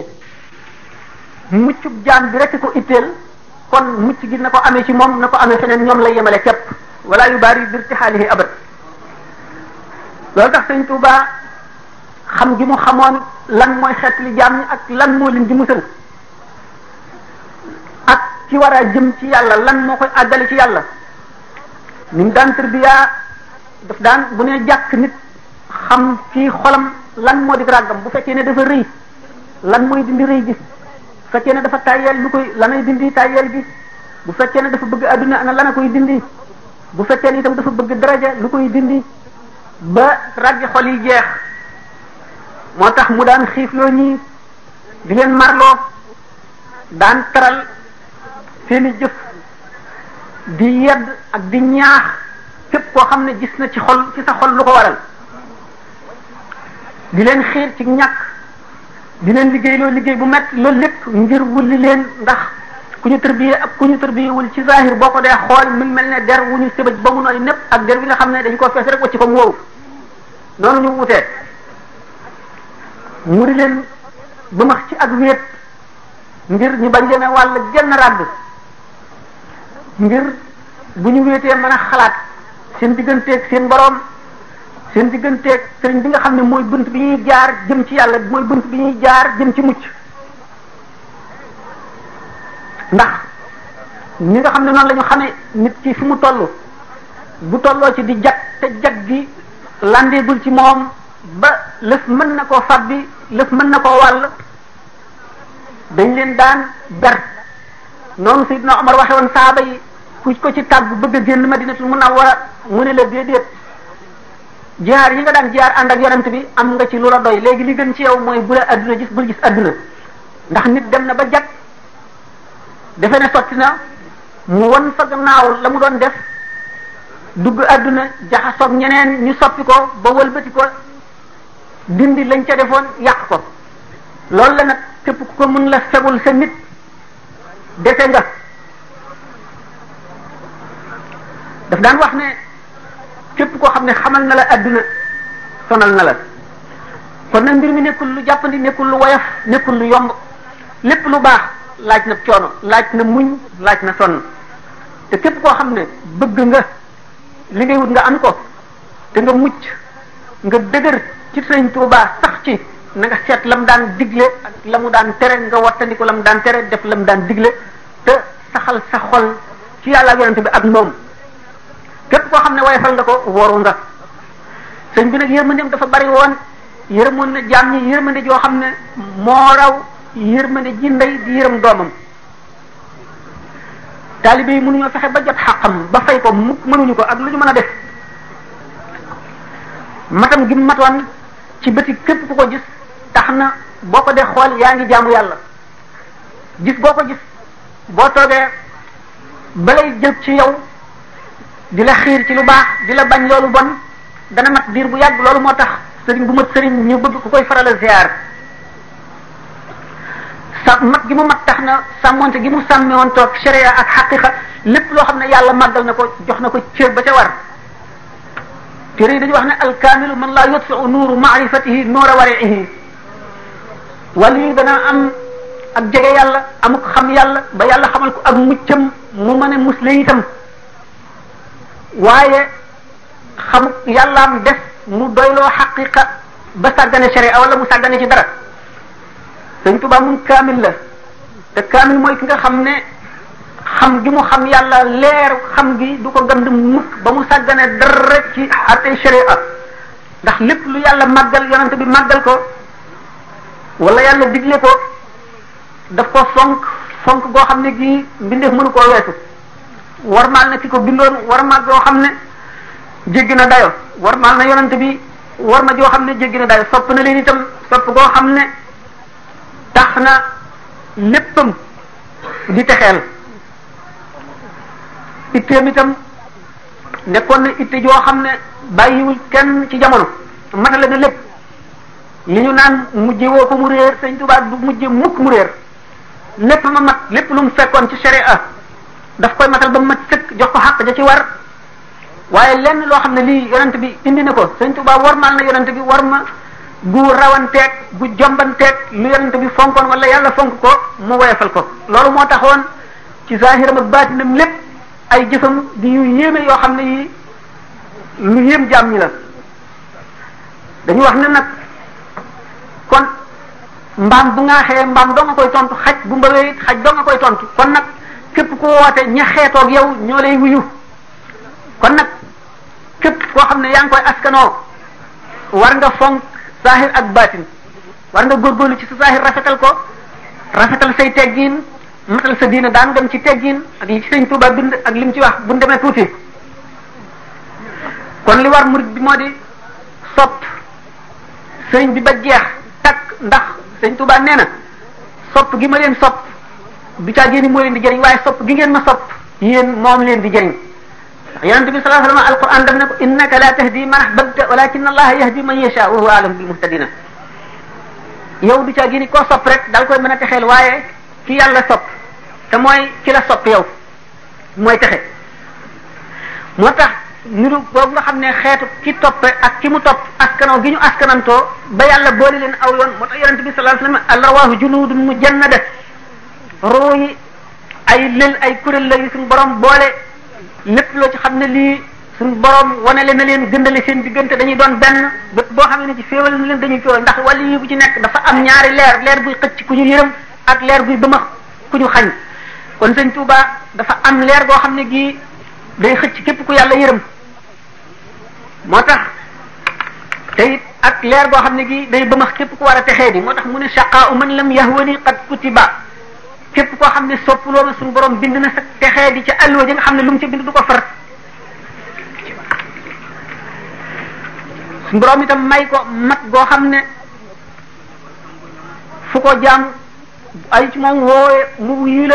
muccub jaan bi rek ko itteel kon mucc gi na ko amee ci moom na ko amee feneen ñoom lay yemale képp walaa yu bari bir ci xaalihi abat loolu tax sëñ Tuuba xam ji mu xamoon lan mooy xeetli jaam ñi ak lan moo leen di musal ak ci war a ci yàlla lan moo koy ci yàlla ni mu daan tërbiyaa daf daan bu ne jàkk nit xam ci xolam lan moo di ràggam bu fekkee ne dafa rëy lan mooy dindi rëy gi bu fekkee ne dafa tàyyeel lu koy lanay dindi tàyyeel gi bu fekkee ne dafa bëgg àdduna ana lan koy dindi bu fekkee ni itam dafa bëgg daraja lu koy dindi ba ràggi xol yi jeex moo tax mu daan xiifloo ñii di leen marloo daan taral seeni jëf di yedd ak di ñaax képp koo xam ne gis na ci xol ci sa xol lu ko waral di leen xiir ci ñakk di leen liggéey loo liggéey bu metti loolu lépp ngir wulli leen ndax ku ñu tërbiye ak ku ñu tërbiyewul ci zahir boo ko dee xool mi mel ne der wu ñu sëbëj ba mu nooy népp ak der bi nga ne dañ koo fees ko mu wow noonu ñu wutee mu di leen ba max ci ak wéet ngir ñu bañ leen a wàll genn ràdd ngir bu ñu wéetee mën a xalaat seen digganteeg seen boroom seen digganteek sëriñ bi nga xam ne mooy bunt bi ñuy jaar jëm ci yàlla mooy bunt bi ñuy jaar jëm ci mucc ndax ñi nga xam ne noonu la ñu nit ci fi mu toll bu tolloo ci di jag te jag gi landeegul ci moom ba lëf mën na koo fàbbi lëf mën na koo wàll dañ leen daan ber noonu Seydina Omar waxe woon saaba yi ku ko ci tàggu bëgg a génn Madinatul Munawwara mu ne la déedéet jihaar yi nga daan ji ànd ak yonent bi am nga ci lu la doy léegi li gën ci yow mooy bu la adduna gis bul gis adduna ndax nit dem na ba jag defe ne sotti na mu won fa gannaaw la mu doon def dugg àdduna jaxasoog ñeneen ñu soppi ko ba wëlbati ko dindi lañ ca defoon yàq ko loolu la nag képp ko mën la fegul sa nit dese nga daf daan wax ne képp koo xam ne xamal na la àdduna sonal na la kon na mbir mi nekkul lu jàppandi nekkul lu woyof nekkul lu yomb lépp lu baax laaj na coono laaj na muñ laaj na sonn te képp koo xam ne bëgg nga li ngay wut nga am ko te nga mucc nga dëgër ci sëñ Tuubaa sax ci na nga seet daan digle ak lamu daan tere nga wattandi ko la mu daan tere def lam daan digle te saxal sax xol ci yàlla ak bi ak moom képp koo xam ne wayfal nga ko wooru nga sëñ bi nag yërmandeem dafa bari woon yërëmoon na jaam ñi yërmande joo xam ne moo raw yërmande ji ndey di yërëm doomam taalibe mënuñoo fexe ba jot xàqam ba fay ko mu mënuñu ko ak lu ñu mën a def matam gi matoon ci bëti képp ku ko gis tax na boo ko dee xool yaa ngi jaamu yàlla gis boo ko gis boo toogee balay jël ci yow di la xiir ci lu baax di la bañ loolu bon dana mat diir bu yàgg loolu moo tax sëriñ bu mat sëriñ ñu bëgg ku koy faral a ziar sa mat gi mu mat tax na sàmmonte gi mu sàmme woon toog sharia ak xaqiqa lépp loo xam ne yàlla màggal na ko jox na ko cër ba ca war téere yi dañu wax ne alkaamilu man laa yutfiu nuuru maarifatihi nuura wariihi wàllu yi dana am ak jege yàlla amuk xam yàlla ba yàlla xam ko ak muccam mu mën a musle itam waaye xamuk yàllaam def mu doyloo xaqiqa ba sàggane sharia wala mu sàggane ci dara sëñ ba moom kaamil la te kaamil mooy ki nga xam ne xam gi mu xam yàlla leer xam gi du ko gënd mukk ba mu sàggane dara ci àtte sharia ndax lépp lu yàlla màggal yonent bi màggal ko wala yàlla digle ko daf ko fonk fonk goo xam ne gii mbindeef mënu koo war warmaal na ki ko bindoon warmaal goo xam ne jéggi na dayo warmaal na yonent bi war ma joo xam ne jéggi na dayo sopp na leen itam sopp goo xam ne tax na léppam di texeel itteem itam nekkoon na itte joo xam ne bàyyiwul kenn ci jamono matale na lépp li ñu naan mujje woo ko mu réer sëñ Tuubaa du mujje mukk mu réer lépp ma mat lépp lu mu fekkoon ci sharia daf koy matal ba mu mat sëkk jox ko xàq ja ci war waaye lenn loo xam ne lii yonent bi indi na ko sëñ Tuubaa warmaal la yonent bi war ma bu rawanteeg bu jombanteeg lu yonent bi fonkoon wala yàlla fonk ko mu woyofal ko loolu moo taxoon ci zaahiram ak baatinam lépp ay jëfam di yu yéeme yoo xam ne yi lu yéem jaam ñi la dañu wax ne nag kon mbaam bu ngaaxee mbaam doo nga koy tontu xaj bu mbawee it xaj doo nga koy tontu kon nag képp ku woote ña xeetoog yow ñoo lay wuyu kon nag képp koo xam ne yaa ngi koy askanoo war nga fonk saaxir ak baatin war nga góorgóorlu ci sa saaxir rafetal ko rafetal say teggin matal sa diina daan dem ci teggin ak yi ci sëñ Tuuba bind ak lim ci wax bu ñu demee tuuti kon li war murid bi moo di sopp sëñ bi ba jeex takk ndax sëñ Tuuba nee na sopp gi ma leen sopp du caa génni moo leen di jëriñ waaye sopp gi ngeen ma sopp yéen moom leen di jëriñ ndax yonent bi sallallahu alayhi wa sallam alquran daf ne ko innaka la tahdi man ahbabta walakin allah yahdi man yasha wa huwa alam bil muhtadina yow du caa gini koo sopp rek daal koy mën a texeel waaye ki yàlla sopp te mooy ki la sopp yow mooy texe moo tax niru boobu nga xam ne xeetu ki toppe ak ki mu topp askanoo gi ñu askanantoo ba yàlla boole leen aw yoon moo tax yonent bi sallallahu alayhi wa sallam alrawaahu junudun mujannada ruu yi ay lël ay kuréel la yu suñu borom boole lépp loo ci xam ne lii suñu borom wanale na leen gëndale seen diggante dañuy doon benn bët boo xam ne ci féewal na leen dañuy féewal ndax wàllu yi bu ci nekk dafa am ñaari leer leer buy xëcc ku ñu yërëm ak leer buy bëmax ku ñu xañ kon sëñ Touba dafa am leer goo xam ne gii day xëcc képp ku yàlla yërëm moo tax te it ak leer goo xam ne gii day bëmax képp ku war a texee di moo tax mu ne shaqaa u man lam yahwani qad kutiba képp koo xam ne sopp loolu suñu borom bind na sa texee di ca alluwa ji xam ne lu mu ca bind du ko far suñu borom itam may ko mat goo xam ne fu ko jaamu aju ci moom woowe mu wuyu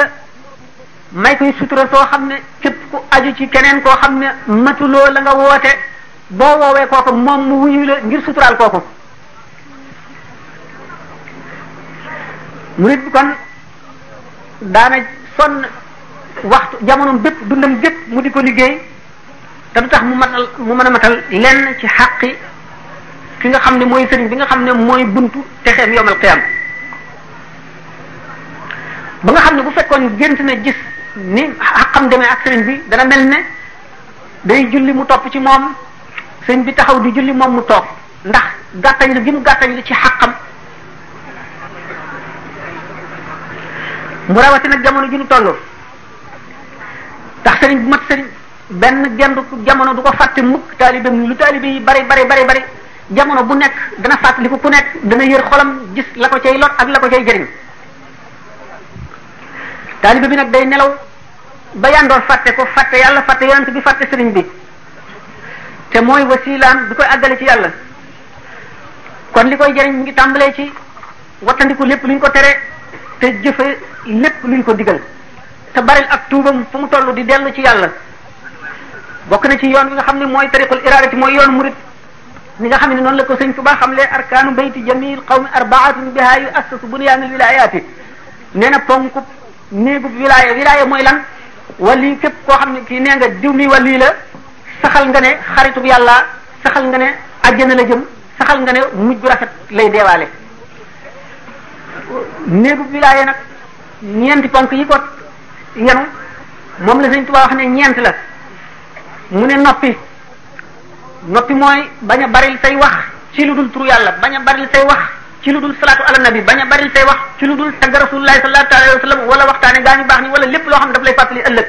may koy sutura soo xam ne képp ku ci keneen koo xam ne matuloo la nga woote boo woowee kooku moom mu wuyu la ngir suturaal kooku murid bi kon daana sonn waxtu jamono bépp dundam bépp mu di ko liggéey te du tax mu matal mu mën a matal lenn ci xaqi ki nga xam ne mooy sëriñ bi nga xam ne mooy buntu texeem yomal xiyam ba nga xam ne bu fekkoon gént na gis ni xaqam demee ak sëriñ bi dana mel ne day julli mu topp ci moom sëriñ bi taxaw di julli moom mu toog ndax gàttañ la gi mu gàttañ la ci xaqam mu rawati nag jamono ji ñu toll tax sëriñ bu mat sëriñ benn gendu jamono du ko fàtte mukk taalibam lu taalibe yi bari bari bari bari jamono bu nekk dana fàttali ko ku nekk dana yër xolam gis la ko cay lot ak la ko cay jëriñ bi nag day nelaw ba yandoor fàtte ko fàtte yàlla fàtte yonent bi fàtte sëriñ bi te mooy wasilaam bi koy àggale ci yàlla kon li koy jëriñ mu ngi tàmbalee ci wattandiku lépp lu ñu ko tere te jëfe lépp luñ ko digal te bari ak tuubam fu mu toll di dellu ci yàlla bokk na ci yoon mi nga xam ne mooy tariqul iradati mooy yoon murit ni nga xam ne noonu la ko sëñ Tuba xamle arkaanu bayti jamil qawmi arbaatun biha yu assasu bunyaanul wilayaati nee na ponku néegub wilaya wilaya mooy lan wali képp koo xam ne ki nee nga diw mi wali la saxal nga ne xaritub yàlla saxal nga ne àjjana la jëm saxal nga ne mujj bu rafet lay deewaale néegu wilaaye nag ñeenti ponk yi ko yenu moom la Sëriñ Tuubaa wax ne ñeent la mu ne noppi noppi mooy bañ a baril say wax ci lu dul tur yàlla bañ a baril say wax ci lu dul salaatu ala nabi bañ a baril say wax ci lu dul tagg rasulullahi sallallahu alayhi wa sallam wala waxtaane gaa baax ni wala lépp loo xam ne daf lay fàttali ëllëg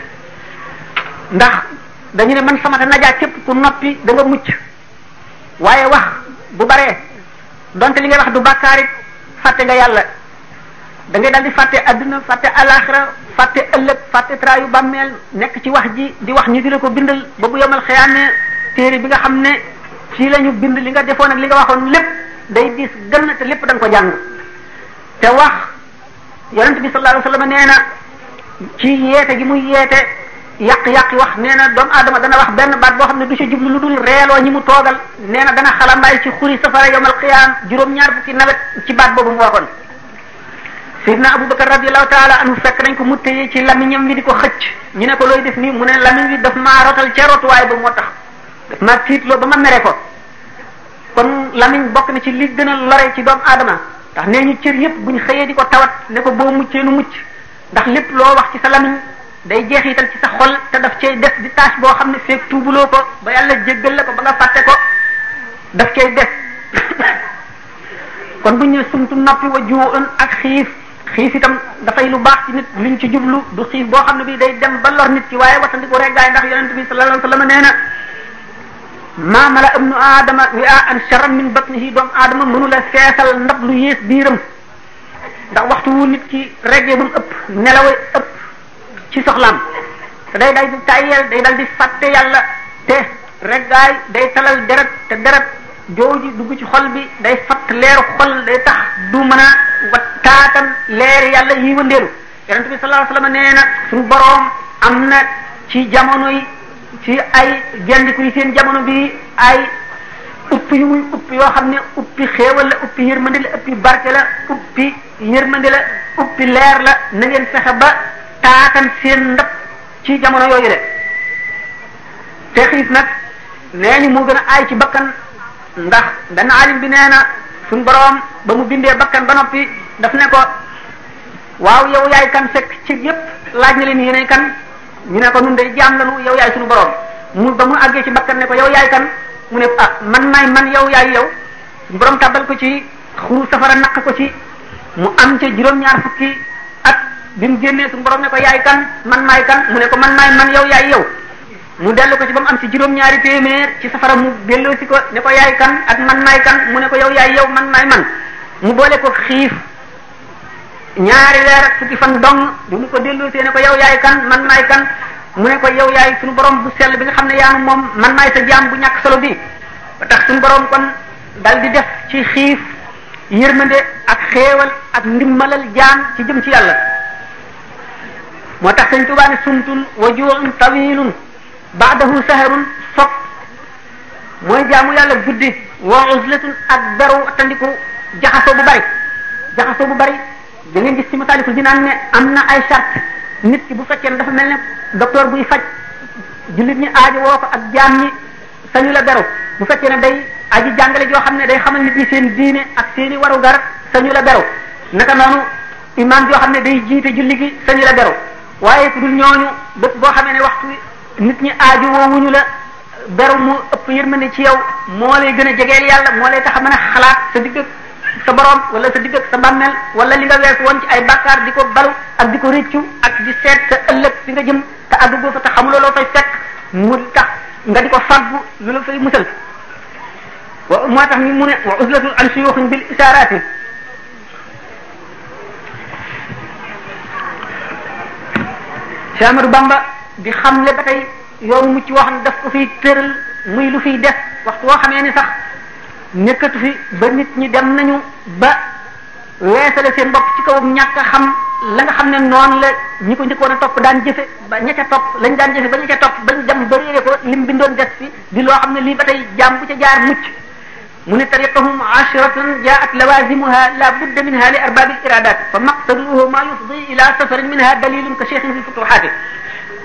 ndax dañu ne man samata najaa képp ku noppi da nga mucc waaye wax bu baree donte li ngay yàlla da ngay daal di fàtte adduna fàtte alaxira fàtte ëllëg fàtte traayu bàmmeel nekk ci wax ji di wax ñu di la ko bindal ba bu yomal xëyaane téere bi nga xam ne fii la ñu bind li nga defoon ak li nga waxoon lépp day diis gën te lépp da nga ko jàng te wax yonent bi sallallahu alayhi wasallam nee na ci yeete gi muy yeete yàq-yàq wax nee na doomu aadama dana wax benn baat boo xam ne du ci jublu lu dul reeloo ñi mu toogal nee na dana xalambaay ci xuri safara yomal xiyaam juróom-ñaar fukki nawet ci baat boobu mu waxoon sidna abubakar radiallahu taala anhu fekk nañ ko mu téye ci lamiñam wi di ko xëcc ñu ne ko looy def nii mu ne lamiñ wi daf maa rotal ca rotuwaay ba moo tax daf maa tiitloo ba ma mere ko kon lamiñ bokk na ci li gën a lore ci doomu adama ndax ne ñu cër yëpp bu ñu xëyee di ko tawat ne ko boo muccee nu mucc ndax lépp loo wax ci sa lamiñ day jeexital ci sa xol te daf cay def di taas boo xam ne feeg tuubuloo ko ba yàlla jéggal la ko ba nga fàtte ko daf cay def kon bu ñu sumtu wa juwoon ak xiif xiif itam dafay lu baax ci nit luñ ci jublu du xiif boo xam ne bii day dem ba lor nit ci waaye watandiku rek gaay ndax yonent bi sallallahu alayhi wasallam nee na maa mala ibnu aadama wi a an sharan min batnihi doomu aadama mënu la feesal ndab lu yées biiram ndax waxtu wu nit ki reggee ba mu ëpp nelawee ci soxlaam te day dal di tàyyeel day dal di fàtte yàlla day talal deret te deret joow ji dugg ci xol bi day fatt leeru xol day tax du mën a wat taatam leer yàlla yi wëndeelu yonente bi sallallahu alayhi wasallam nee na suñu boroom am na ci jamono yi ci ay gendiku yi seen jamono bi ay uppi yu muy uppi yoo xam ne uppi xéewal la uppi yërmande la uppi barke la uppi yërmande la uppi leer la na ngeen fexe ba taatan seen ndab ci jamono yooyu le te nag nee ni moo a aay ci bakkan ndax benn alim bi nee na suñ boroom ba mu bindee bakkan ba noppi daf ne ko waaw yow yaay kan fekk ci yépp laaj na leen yéenay kan ñu ne ko nun day jaam lanu yow yaay suñu boroom mu ba mu àggee ci bakkan ne ko yow yaay kan mu ne ah man maay man yow yaay yow suñu boroom tàbbal ko ci xuru safara naq ko ci mu am ca juróom-ñaar fukki at bi mu génnee suñu boroom ne ko yaay kan man maay kan mu ne ko man maay man yow yaay yow mu dellu ko ci ba am ci juróom-ñaari téeméer ci safara mu delloo si ko ne ko yaay kan ak man maay kan mu ne ko yow yaay yow man maay man mu boole ko xiif ñaari weer ak fan dong bi mu ko delloo see ne ko yow yaay kan man maay kan mu ne ko yow yaay suñu borom bu sell bi nga xam ne yaanu moom man maay sa jaam bu ñàkk solo bi ba tax suñu borom kon dal di def ci ma yërmande ak xéewal ak ndimmalal jaam ci jëm ci yàlla moo tax Sëriñ Tuubaa ne sumtun wa juun baadahu saharun foog mooy jaamu yàlla guddi wa uzlatun ak beru tandiku jaxasoo bu bari jaxasoo bu bari da ngeen gis ci masaalikul jinaan ne am na ay charte nit ki bu fekkee ne dafa mel ne docteur buy faj jullit ñi aajo woo ko ak jaam ñi sañu la beru bu fekkee ne day aji jàngale joo xam ne day xamal nit ñi seen diine ak seen i waru gar sañu la beru na noonu imaam joo xam ne day jiit julli gi sañu la beru waaye ku dul ñooñu bés boo xamee ne waxtu nit ñi aaju woowuñu la beru mu ëpp yërmande ci yow moo lay gën a jegeel yàlla moo lay tax a mën a xalaat sa digg sa borom wala sa digg sa bàmmeel wala li nga wees ci ay bàkkaar di ko balu ak di ko rëccu ak di seet sa ëllëg fi nga jëm te àddugoo fa te xamuloo loo fay fekk mu tax nga di ko faggu lu musal wa moo tax ñu mu ne wa uslatun an suyuxin bil isaaraati di xam le ba tey yoonu mucc woo xam ne daf ko fiy tëral muy lu fiy def waxtu woo xamee ni sax nekkatu fi ba nit ñi dem nañu ba weesale seen bopp ci kawam ñàkk a xam la nga xam ne noonu la ñi ko njëkkoon a topp daan jëfe ba ña ca topp lañ daan jëfe ba ña ca topp bañ dem ba réere ko lim bindoon des fi di loo xam ne lii ba tey jaam bu ca jaar mucc mu ne tariqahum ashiratun jaat lawazimuha la budda minha li arbaabil iradat fa maqsaduhu ma yufdi ila safarin minha dalilun ka cheikhin fi futuhaati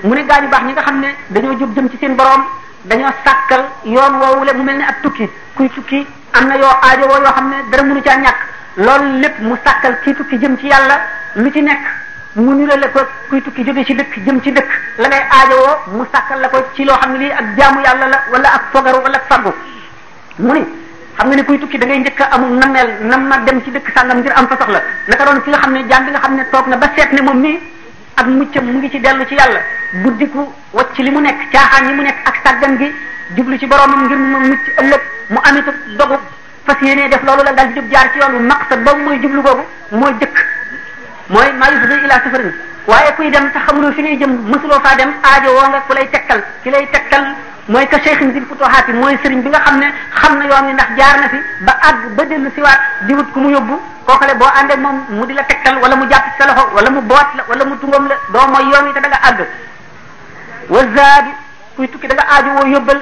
mu ni gaa ñu baax ñi nga xam ne dañoo jóg jëm ci seen borom dañoo sàkkal yoon woowule mu mel ni ak tukki kuy tukki am na yoo aajo woo yoo xam ne dara mënu caa ñàkk lool lépp mu sàkkal kii tukki jëm ci yàlla mu ci nekk mu nure la kuy tukki jóge ci dëkk jëm ci dëkk la ngay mu sàkkal la ko ci loo xam ne lii ak jaamu yàlla la wala ak fogaru wala ak faggu mu ni xam ne kuy tukki da ngay njëkk a amul nameel ma dem ci dëkk sàngam ngir am fa soxla naka doon ki nga xam ne jaam bi nga xam ne toog na ba seet ne moom nii ak muccam mu ngi ci dellu ci yàlla buddiku wacc li mu nekk caaxaan yi mu nekk ak sàggan gi jublu ci boromam ngir mu mucc ëllëg mu amit dogu fas yéenee def loolu la dal di jub jaar ci yoon wi maqsad boobu mooy jublu boobu mooy dëkk mooy mayus bi ila safarin waaye kuy dem te xamuloo fi ngay jëm mësuloo faa dem aajo woo nga ku lay tekkal ki lay tekkal mooy que cheikhin bil futuhaat yi mooy sëriñ bi nga xam ne xam na yoon ni ndax jaar na fi ba àgg ba si siwaat di wut ku mu yóbbu kookale boo ànd ak moom mu di la tegtal wala mu jàpp sa loxo wala mu boot la wala mu tungam la doo mooy yoon yi te da nga àgg wa zaadi kuy tukki da nga aaju woo yóbbal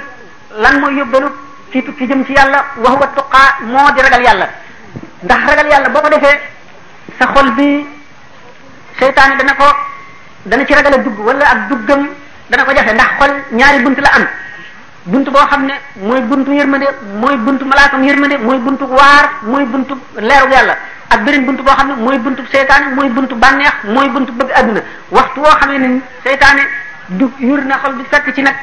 lan mooy yóbbalu kii tukki jëm ci yàlla wa huwa tuqaa moo di ragal yàlla ndax ragal yàlla boo ko defee sa xol bi seytaane dana ko dana ci ragal a dugg wala ak duggam dana ko jafe ndax xol ñaari bunt la am buntu boo xam ne mooy buntu yërmande mooy buntu malaakam yërmande mooy buntu waar mooy buntu leeru yàlla ak beneen buntu boo xam ne mooy buntu seytaane mooy buntu bànneex mooy buntu bëgg àdduna waxtu woo xamee ne seytaane du yur na xol bi fekk ci nag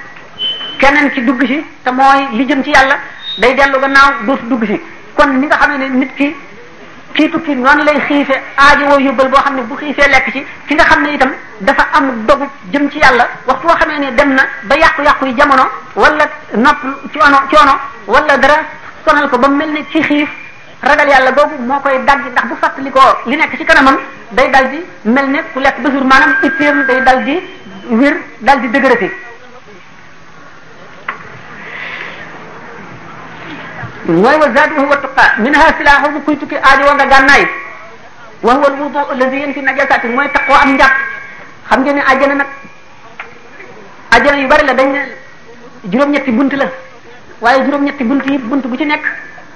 keneen ci dugg ci te mooy li jëm ci yàlla day dellu gannaaw dootu dugg si kon ni nga xamee ne nit ki kii tukki noonu lay xiife aajo woo yóbbal boo xam ne bu xiifee lekk ci ki nga xam ne itam dafa am dogu jëm ci yàlla waxtu woo xamee ne dem na ba yàqu-yàqu yi jamono wala nopp ci ono coono wala dara sonal ko ba mel ne ci xiif ragal yàlla googu moo koy dagg ndax bu fàttalikoo li nekk ci kanamam day dal di mel ne ku lekk ba suur maanaam ittéem day dal di wér dal di dëgërati mooy wa zaduhu wa tuqa minha silahu kuy tukki aajo wa nga gànnaay wa huwa am njàpp xam ngeen ne àjjana la dañ ne juróom-ñetti bunt la waaye juróom-ñetti bunt yi bunt bu ci nekk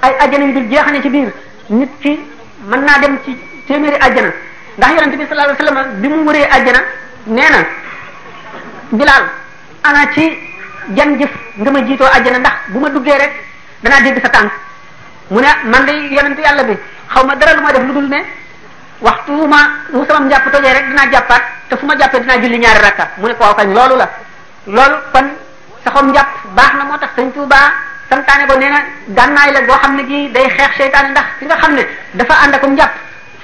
ay ajjana yu dul jeexane ci biir nit ki mën naa dem ci téeméeri ajjana ndax yonente bi sallallahu alayhi bi mu wëree ajjana nee na bilaal ana ci jan jëf nga ma jiitoo ajjana ndax bu ma duggee rek danaa dégg sa tànk mu ne man de yonentu yàlla bi xaw ma dara lu ma def lu dul ne waxtu wu ma mu sama jàpp tojee rek dinaa jàppaat te fu ma jàppee dinaa julli ñaari rakka mu ne ko waaw kañ loolu la loolu saxom njàpp baax na moo tax sëñ Touba santaane ko nee na gànnaay la boo xam ne gi day xeex seytaane ndax ki nga xam ne dafa ànd akum njàpp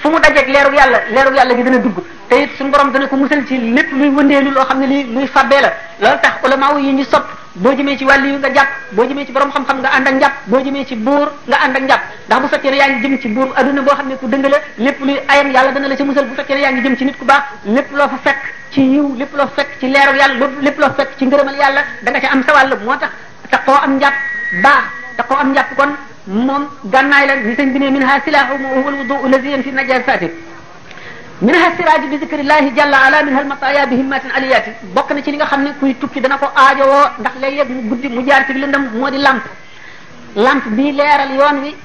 fu mu dajeeg leerug yàlla leerug yàlla gi dana dugg te it suñu borom dana ko musal ci lépp luy wëndeelu loo xam ne lii luy fabbee la loolu tax ulama yi ñu sopp boo jëmee ci wàlli yu nga jàpp boo jëmee ci borom xam-xam nga ànd ak njàpp boo jëmee ci buur nga ànd ak njàpp ndax bu fekkee ne yaa ngi ci buur adduna boo xam ne ku dëng la lépp luy ayam yàlla dana la ci musal bu fekkee lépp loo fa fekk ci yiw lépp loo fekk ci leeru yàlla lépp loo fekk ci am sa wàll moo tax koo am njàpp baax taqoo am njàpp kon moom gànnaay la ni sëñ bi ne min ha silaahu mu huwa alwudu allazi yanfi najasaati minha siraaju bi zikrillahi jalla ala minha almataya bi himmatin aliyaati bokk na ci li nga xam ne kuy tukki dana ko aajowoo ndax léeg-léeg mu guddi mu jaar ci lëndam moo di lamp bi bii leeral yoon wi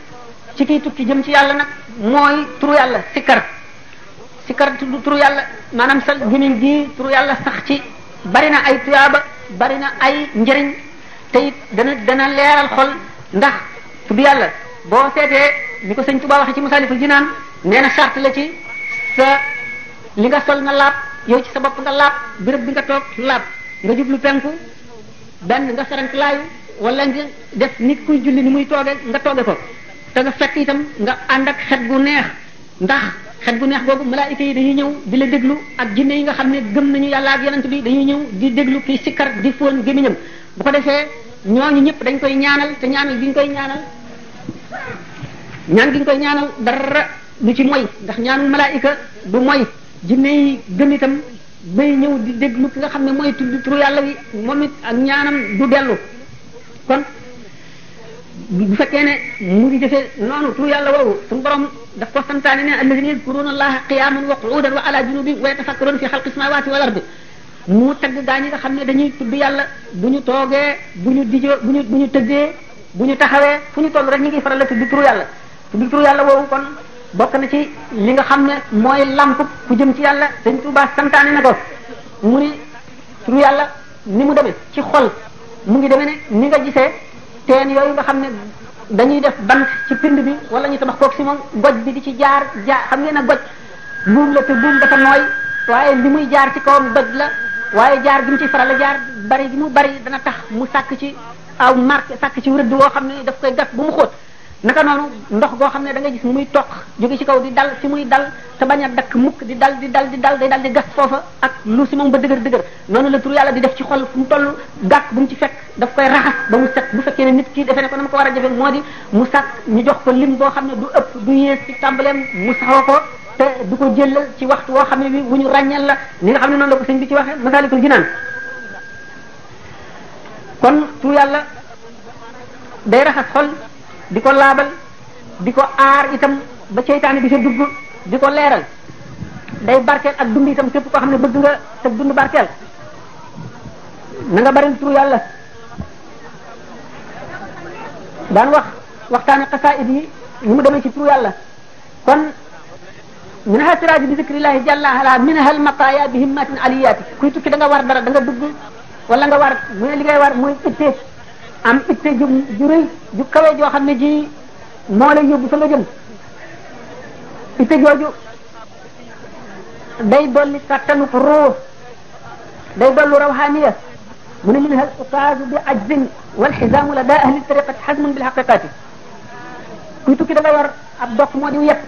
ci kiy tukki jëm ci yàlla nag mooy turu yàlla sikkar sikkar turu yàlla maanaam sa gémmiñ gi turu yàlla sax ci bari na ay tuyaaba bari na ay njëriñ te it dana dana leeral xol ndax tudd yàlla boo seetee ni ko sëñ Tuubaa waxe ci Masaalikul Jinaan nee na charte la ci sa li nga sol nga laab yow ci sa bopp nga laab béréb bi nga toog laab nga jublu penku benn nga saranklaayu wala nga def nit kuy julli ni muy tooge nga tooge ko te nga fekk itam nga ànd ak xet gu neex ndax xet gu neex laa malaayika yi dañuy ñëw bi la déglu ak jinne yi nga xam ne gëm nañu yàlla ak yonent bi dañuy ñëw di déglu kii sikkar di fóon gémmiñam bu ko defee ñooñu ñëpp dañ koy ñaanal te ñaanal gi ñu koy ñaanal ñaan gi ñu koy ñaanal lu ci moy ndax ñaanu malaayika du moy jinne yi gëm itam may ñëw di déglu ki nga xam ne mooy tudd turu yàlla wi moom i ak ñaanam du dellu kon bu fekkee ne mu ngi jëfee noonu turu yàlla woowu suñu borom daf ko santaane ne alladina yadkuruna allaha qiyaman wa qu'udan wa ala junubihim wa yatafakkaruna fi xalqi samawati wal ardi mu tagg gaa ñi nga xam ne dañuy tudd yàlla bu ñu toogee bu ñu dijoo bu ñu bu ñu tëggee bu ñu taxawee fu ñu toll rek ñu ngi faral la tudd turu yàlla tudd bokk na ci li nga xam ne mooy lamp ku jëm ci yàlla sëñ Tuuba santaane na ko mu ni turu yàlla ni mu demee ci xol mu ngi demee ne ni nga gisee teen yooyu nga xam ne dañuy def bant ci pind bi wala ñu tabax koog si moom goj bi di ci jaar jaar xam ngeen na goj buum la te buum dafa nooy waaye li muy jaar ci kawam doj la waaye jaar gi mu ci faral jaar bari gi mu bari dana tax mu sàkk ci aw marque sàkk ci rëdd woo xam ne daf koy gas bu mu xóot naka noonu ndox goo xam ne dangay nga gis muy toq jóge ci kaw di dal fi muy dal te bañ a dakk mukk di dal di dal di dal day dal di foofa ak lu si moom ba dëgër dëgër noonu la tur yàlla di def ci xol fu mu toll gàkk bu mu ci fekk daf koy raxas ba mu set bu fekkee ne nit ki defe ne na ma ko war a jafe moo di mu sàkk jox ko lim boo xam ne du ëpp du yées ci tàmbaleem mu saxoo ko te du ko jëlal ci waxtu woo xam ne bi bu ñu ràññeel la ni nga xam ne noonu la ko sëñ bi ci waxee masalikul jinaan kon tur yàlla day raxas xol di ko laabal di ko aar itam ba seytaane bi sa dugg di ko leeral day barkeel ak dund itam képp koo xam ne bëgg nga sa dund barkeel na nga bari turu yàlla daan wax waxtaane xasaayid yi ñu mu demee ci turu yàlla kon minha siraaju bi zikrillahi jalla ala minha almaqaaya bi himmatin aliyaati kuy tukki da nga war dara da nga dugg wala nga war mu ne li ngay war mooy am itte ju ju rëy ju kawe joo xam ne ji moo lay yóbbu fa nga jëm itte jooju day dolli kattanuk ruux day dollu rawhaniya mu ne minha al-utaaz bi ajzin walxisaamu la daa ahli tariqati xasmun bilxaqiqati kuy tukki da nga war ab dox moo di yet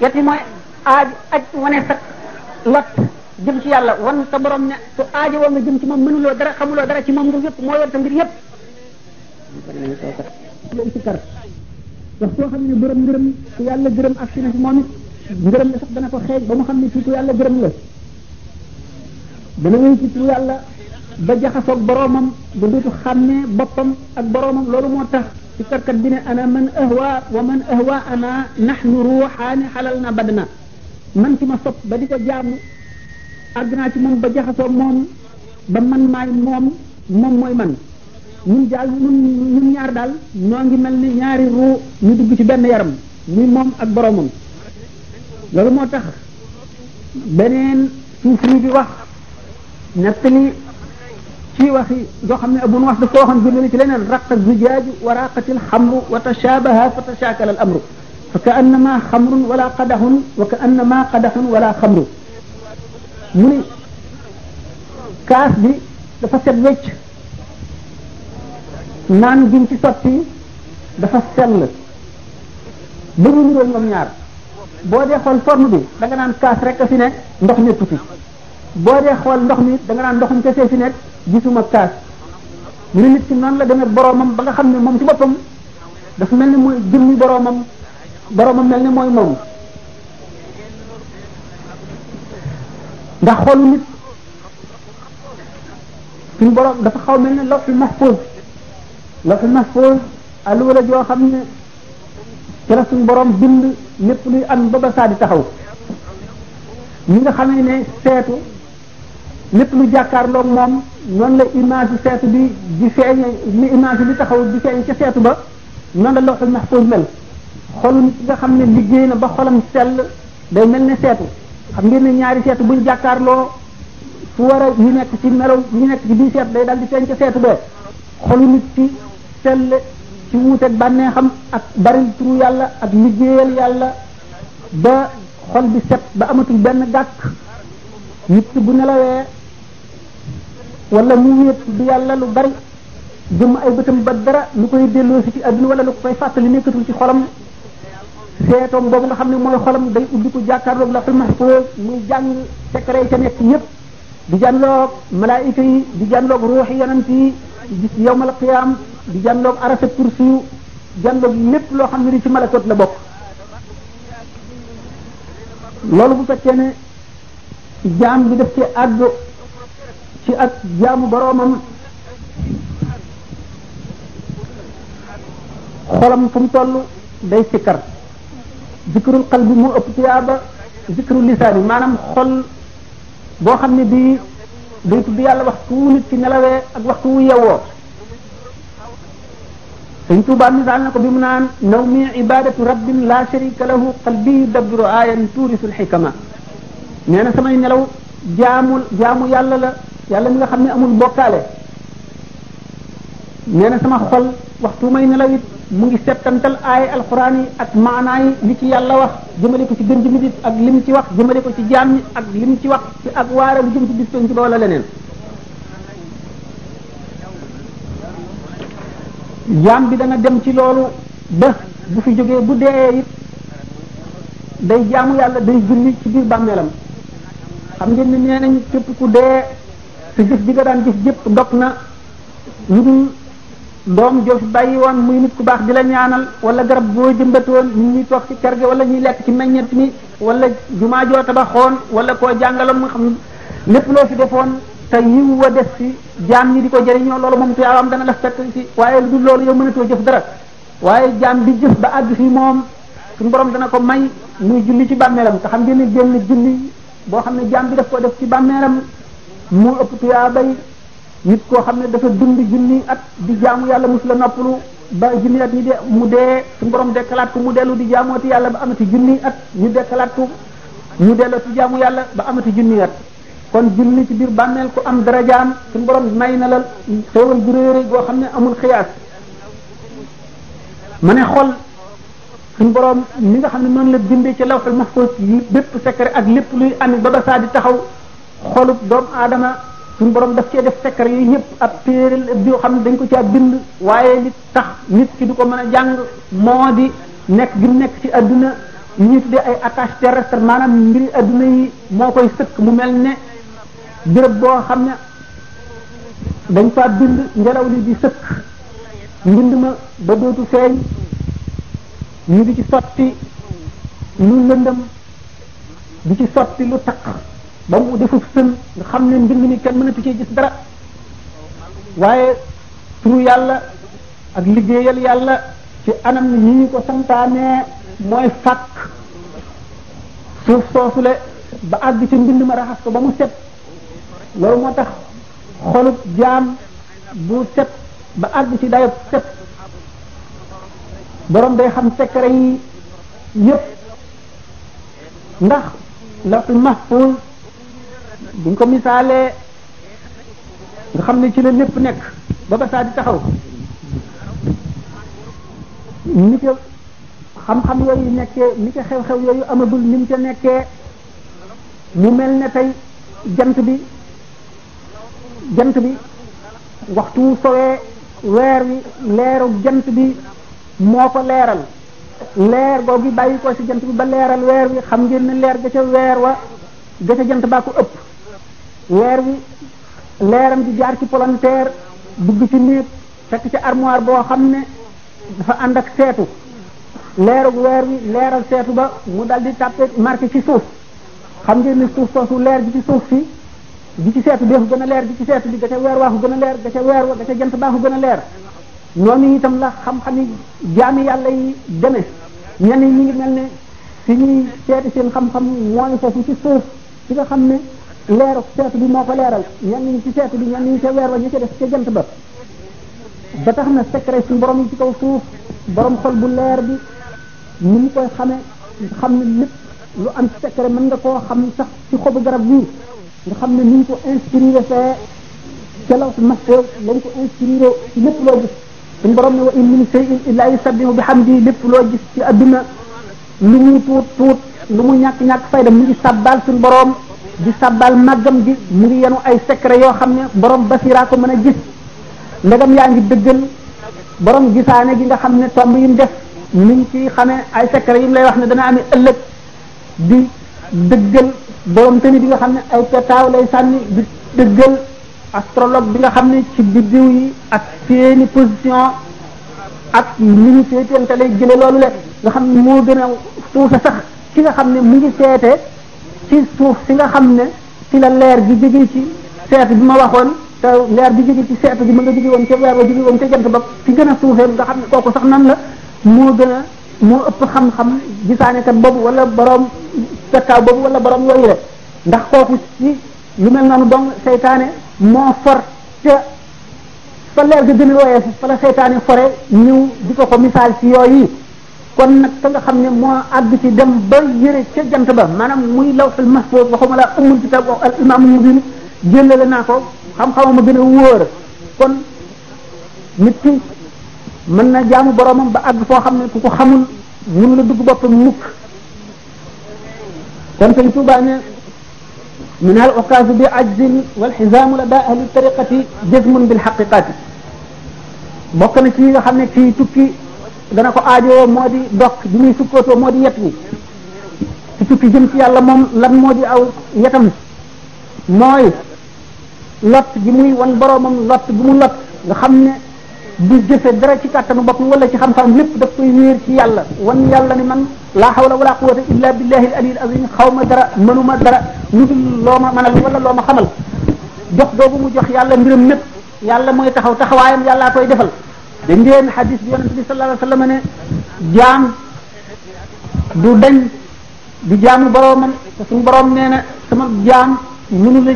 yet yi mooy aaj aj wane sa lot jëm ci yàlla wan sa borom ne su aajo woo nga jëm ci moom mënuloo dara xamuloo dara ci moom ngir yëpp moo yor sa mbir yëpp leen si kar wax soo xam ne borom ngërëm ku si moom it ngërëm la sax ko xeej ba mu xam ne fii ku yàlla gërëm la dana wéy ci tu yàlla ba jaxasoog boromam ba dootu xàmmee boppam ak boromam loolu moo tax ci karkat bi ne ana man ahwa wa man ahwa ana nahnu ruuxaani xalal na badna man ci ma sopp ba di ko àgg naa ci moom ba jaxasoo moom ba man maay moom moom mooy man ñun daal ñun ñun ñaar daal ñoo ngi mel ni ñaari ruu ñu dugg ci benn yaram muy moom ak boromam loolu moo tax beneen suuf yi di wax nett li ci waxi yoo xam ne abun wax daf ko waxoon jurlali ci leneen raqa zujaaju wa raqatil xamru wa tashabaha fa tashaakala al amru fa ka annama xamrun wala qadaxun wa ka annama qadaxun wala xamru mu ni kaas bi dafa set wecc naan giñ ci sot sotti dafa sell ba mu niroog ñoom ñaar boo dee xool forme bi da nga naan kaas rek a fi nekk ndox nekku fi boo dee xool ndox mi da nga naan ndox mi kese fi nekk gisuma kaas mu ne nit ki noonu la demee boroomam ba nga xam ne moom ci moppam dafa mel ni mooy jëmmi boroomam boroomam mel ni mooy moom ndax xolu nit suñu borom dafa xaw mel ne lawxul mahfuz lawxul mahfuz alluwa la joo xam ne ci la suñu boroom bind lépp luy am ba ba saa di taxaw ñi nga xamee ne seetu lépp lu jàkkaarloog moom noonu la image seetu bi di feeñe ni image bi taxaw di feeñ ca seetu ba noonu la lawxul mahfuz mel xolu nit nga xam ne liggéey na ba xolam sell day mel ne seetu xam ngeen ne ñaari seetu buñ jàkkaarloo fu war a ñu nekk ci melaw ñu nekk ci biir seet day dal di feeñ ca seetu ba xolu nit ci sell ci wuuteeg bànneexam ak bari turu yàlla ak liggéeyal yàlla ba xol bi set ba amatul benn gàkk nit bu nelawee wala mu wéet du yàlla lu bari jëm ay bëtam ba dara lu koy delloosi ci àdduna wala lu koy fàttali nekkatul ci xolam seetoom boobu nga xam ne mooy xolam day ubbi ko jàkkaarloog la mahfuz muy jàng secret yi ca nekk ñëpp di jànloog malaayika yi di jànloog ruuxi yonent yi di gis yawmal qiyaam di jànloog arasa kursiyu jànloog loo xam ne di ci malakot la bokk loolu bu fekkee ne jaam bi def ci àgg ci ak jaamu boroomam xolam fu mu toll day sikkar zikrul qalbi moo ëpp tiyaaba zikrul lisaani maanaam xol boo xam ne bii day tudd yàlla waxtu wu nit ci nelawee ak waxtu wu yewwoo sëñ Tuubaa misaal na ko bi mu naan naw mi ibadatu rabbin la sharika lahu qalbi dabbiru ayan tuurisul xikama nee na samay nelaw jaamul jaamu yàlla la yàlla mi nga xam ne amul bokkaale nee na sama xol waxtu may nelaw it mu ngi settantal aaya alquran yi ak maanaa yi li ci yàlla wax jëmale ko ci gën ji nit ak lim ci wax jëmale ko ci jaam ñi ak lim ci wax ci ak waare bu jëm ci bis penc ba wala leneen jaam bi dana dem ci loolu ba bu fi jógee bu dee it day jaamu yàlla day julli ci biir bàmmeelam xam ngeen ne nee nañ képp ku dee te jëf bi nga daan jëf jëpp dog na ñu doom joo fi bàyyi woon muy nit ku baax di la ñaanal wala garab boo jëmbatoon nit ñuy toog ci kër gi wala ñuy lekk ci meññet mi wala jumaa joo tabaxoon wala koo jàngaloon mu xam lépp loo fi defoon ta yiw wa def fi jaam ñi di ko jëriñoo loolu moom tuyaawaam dana la fekk ci waaye lu dul loolu yow mënatoo jëf dara waaye jaam bi jëf ba àgg fii moom suñu borom dana ko may muy julli ci bàmmeelam ta xam ngeen ne génn julli boo xam ne jaam bi daf ko def ci bàmmeelam mu ëpp tuyaabay nit koo xam ne dafa dund junni at di jaamu yàlla mos la noppalu ba junni at ñu de mu dee suñu borom dekkalaat ko mu dellu di jaamooti yàlla ba amati junni at ñu dekkalaat ko mu dellooti jaamu yàlla ba amati junni at kon junni ci biir bànneel ku am dara darajaam suñu borom may na la xéewal gu réere goo xam ne amul xiyaas ma ne xol suñu borom mi nga xam ne noonu la bindee ci lawxul mahfuz yi bépp secret ak lépp luy ami ba ba saa di taxaw xolub doomu aadama ñu borom daf cee def secret yooyu yëpp ab téere yoo xam ne dañ ko caa bind waaye li tax nit ki du ko mën a jàng moo di nekk gi nekk ci adduna ñu di ay attache terrestre maanaam mbiri adduna yi moo koy sëkk mu mel ne béréb boo xam ne dañ faa bind ngelaw li di sëkk mbind ma ba dootu feeñ ñu di ci sotti lu lëndëm di ci sotti lu taq ba mu defub sën nga xam ne mbind mi kenn mënatu cee gis dara waaye turu yàlla ak liggéeyal yàlla ci anam yi ñu ko santaanee mooy fàkk suuf soosule ba àgg ci mbind ma raxas ko ba mu set loolu moo tax xolub jaam bu set ba àgg ci dayob set borom day xam secret yi yépp ndax laful mahfuz buñ ko missalee nga xam ne ci la lépp nekk ba ba saa di taxaw ni ko xam-xam yooyu nekkee ni ko xew-xew yooyu amagul ni mu ca nekkee mu mel ne tey jant bi jant bi waxtu wu weer wi leeru jant bi moo ko leeral leer googu bàyyi ko ci jant bi ba leeral weer wi xam ngeen leer ga ca weer wa ga ca jant baa ko ëpp weer wi leeram di jaar ci palanteer dugg ci néeg fekk ci armoire boo xam ne dafa ànd ak seetu leerug weer wi leeral seetu ba mu dal di tàppe marqué ci suuf xam ngeen ni suuf su leer bi ci suuf si bi ci seetu deefu gën a leer bi ci seetu bi da ca weer waaxu gën a leer da ca weer wa da ca jant baaxu gën a leer noonu itam la xam-xami jaami yàlla yi demee ñenn ñi ngi mel ne si ñuy seeti seen xam-xam mooy foofu ci suuf si nga xam ne leeru seetu bi moo ko leeral ñenn ñi ci seetu bi ñenn ñi ca weer wa ñu ca def ca jant ba ba tax na secret suñu borom yi ci kaw suuf borom xol bu leer bi ni mu koy xamee xam ne lépp lu am secret mën nga koo xam sax ci xobu garab bii nga xam ne ni ñu ko inspiré fee ca law mahfuz lañ ko inspiré ci lépp loo gis suñu borom ne wa in min shay'in illa yusabbihu bihamdi lépp loo gis ci adduna lu muy tuut tuut lu mu ñàkk ñàkk fayda mu ngi sàbbaal suñu borom. di sabbal màggam gi mu ngi yenu ay secret yoo xam ne borom basiraa ko mën a gis ndegam yaa ngi dëggal borom gisaane gi nga xam ne tomb yi mu def ni ñu ci xamee ay secret yi mu lay wax ne dana amee ëllëg di dëggal borom nga xam ne ay petaaw lay sànni di dëggal astrologue bi nga xam ne ci biddiw yi ak seeni position ak ni ñu seeteente lay jële loolu le nga xam ne moo gën a tuusa ki nga xam ne mu ngi seete ci suuf si nga xam ne si la leer gi jóge ci seetu bi ma waxoon te leer bi jóge ci seetu bi ma nga jóge woon ca weer ba jóge woon ca jant ba gën a suufee nga xam ne kooku sax nan la moo gën a moo ëpp xam-xam gisaanekat boobu wala borom fekkaaw boobu wala borom yooyu rek ndax kooku si lu mel noonu dong seytaane moo for ca fa leer gi gën a woyee fa la seytaane fore ñëw di ko ko misaal ci yooyu kon nag ka nga xam ne moo àgg ci dem ba yëre ca jant ba maanaam muy lawhul mahfuz waxuma la amul kitab wax al imaamul mubin jëlale naa ko xam-xamam a gën a wóor kon nit ki mën na jaamu boromam ba àgg foo xam ne ku ko xamul mënu la dugg boppam mukk kon sëñ Tuubaa ne min al okaasu bi ajzin wal xisaamu la daa ahli tariqati jazmun bil xaqiqati bokk na ci yi nga xam ne fii tukki dana ko aajowoo moo di dox bi muy sukkootoo moo di yet bi ci jëm ci yàlla moom la moo di aw yetam mooy lot gi muy wan boroomam lot gi mu lot nga xam ne du jëfe dara ci kàttanu boppam wala ci xam-xam lépp daf koy wéer ci yàlla wan yàlla ni man laa hawla wala quwwata illa billahi al aliyyil azim xaw ma dara mënuma dara a dul loo ma mënal wala loo ma xamal jox jox yàlla mbiram mépp yàlla mooy taxaw taxawaayam yàllaa koy defal dañ leen xadis bi yonente bi sallallahu alayhi wa sallam ne jaam du dañ di jaamu boroomam te suñu na sama jaam mënu la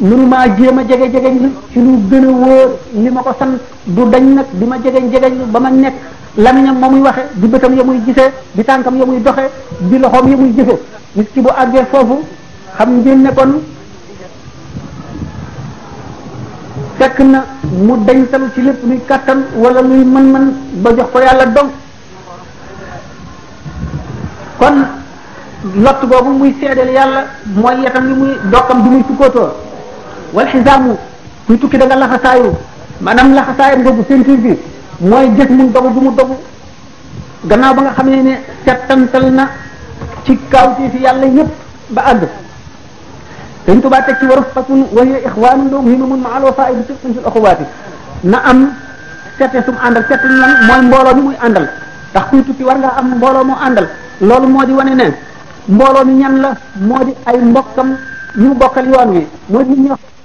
mënu maa jéem a jege jegeñ lu ci lu gën a li ma ko san du dañ nag di ma jegeñ jegeñ lu ba ma nekk lamiñam ma muy waxe di bëtam ya muy gisee di tànkam ya muy doxe di loxoom ya muy jëfe nit bu àggee foofu xam ngeen ne kon fekk na mu dañtal ci lépp luy kàttan wala luy mën-mën ba jox ko yàlla dong kon lott boobu muy seedeel yàlla mooy yetam li muy dokkam bi muy tukkootoo wal xisaamu kuy tukki da nga laxasaayu maanaam laxasaayam googu ceinture bi mooy gis mun dogu bu mu dogu gannaaw ba nga xamee ne settantal na ci kaw ci fi yàlla yépp ba àgg dañ tubaa teg ci waru fasun waye ixwaanu doom himamun maal wafaay bi sëfun sul axuwaati na am sette sum àndal sette lan mooy mbooloo mi muy àndal ndax kuy tukki war nga am mbooloo mu àndal loolu moo di wane ne mbooloo mi ñan la moo di ay mbokkam ñu mu bokkal yoon wi moo di ñoo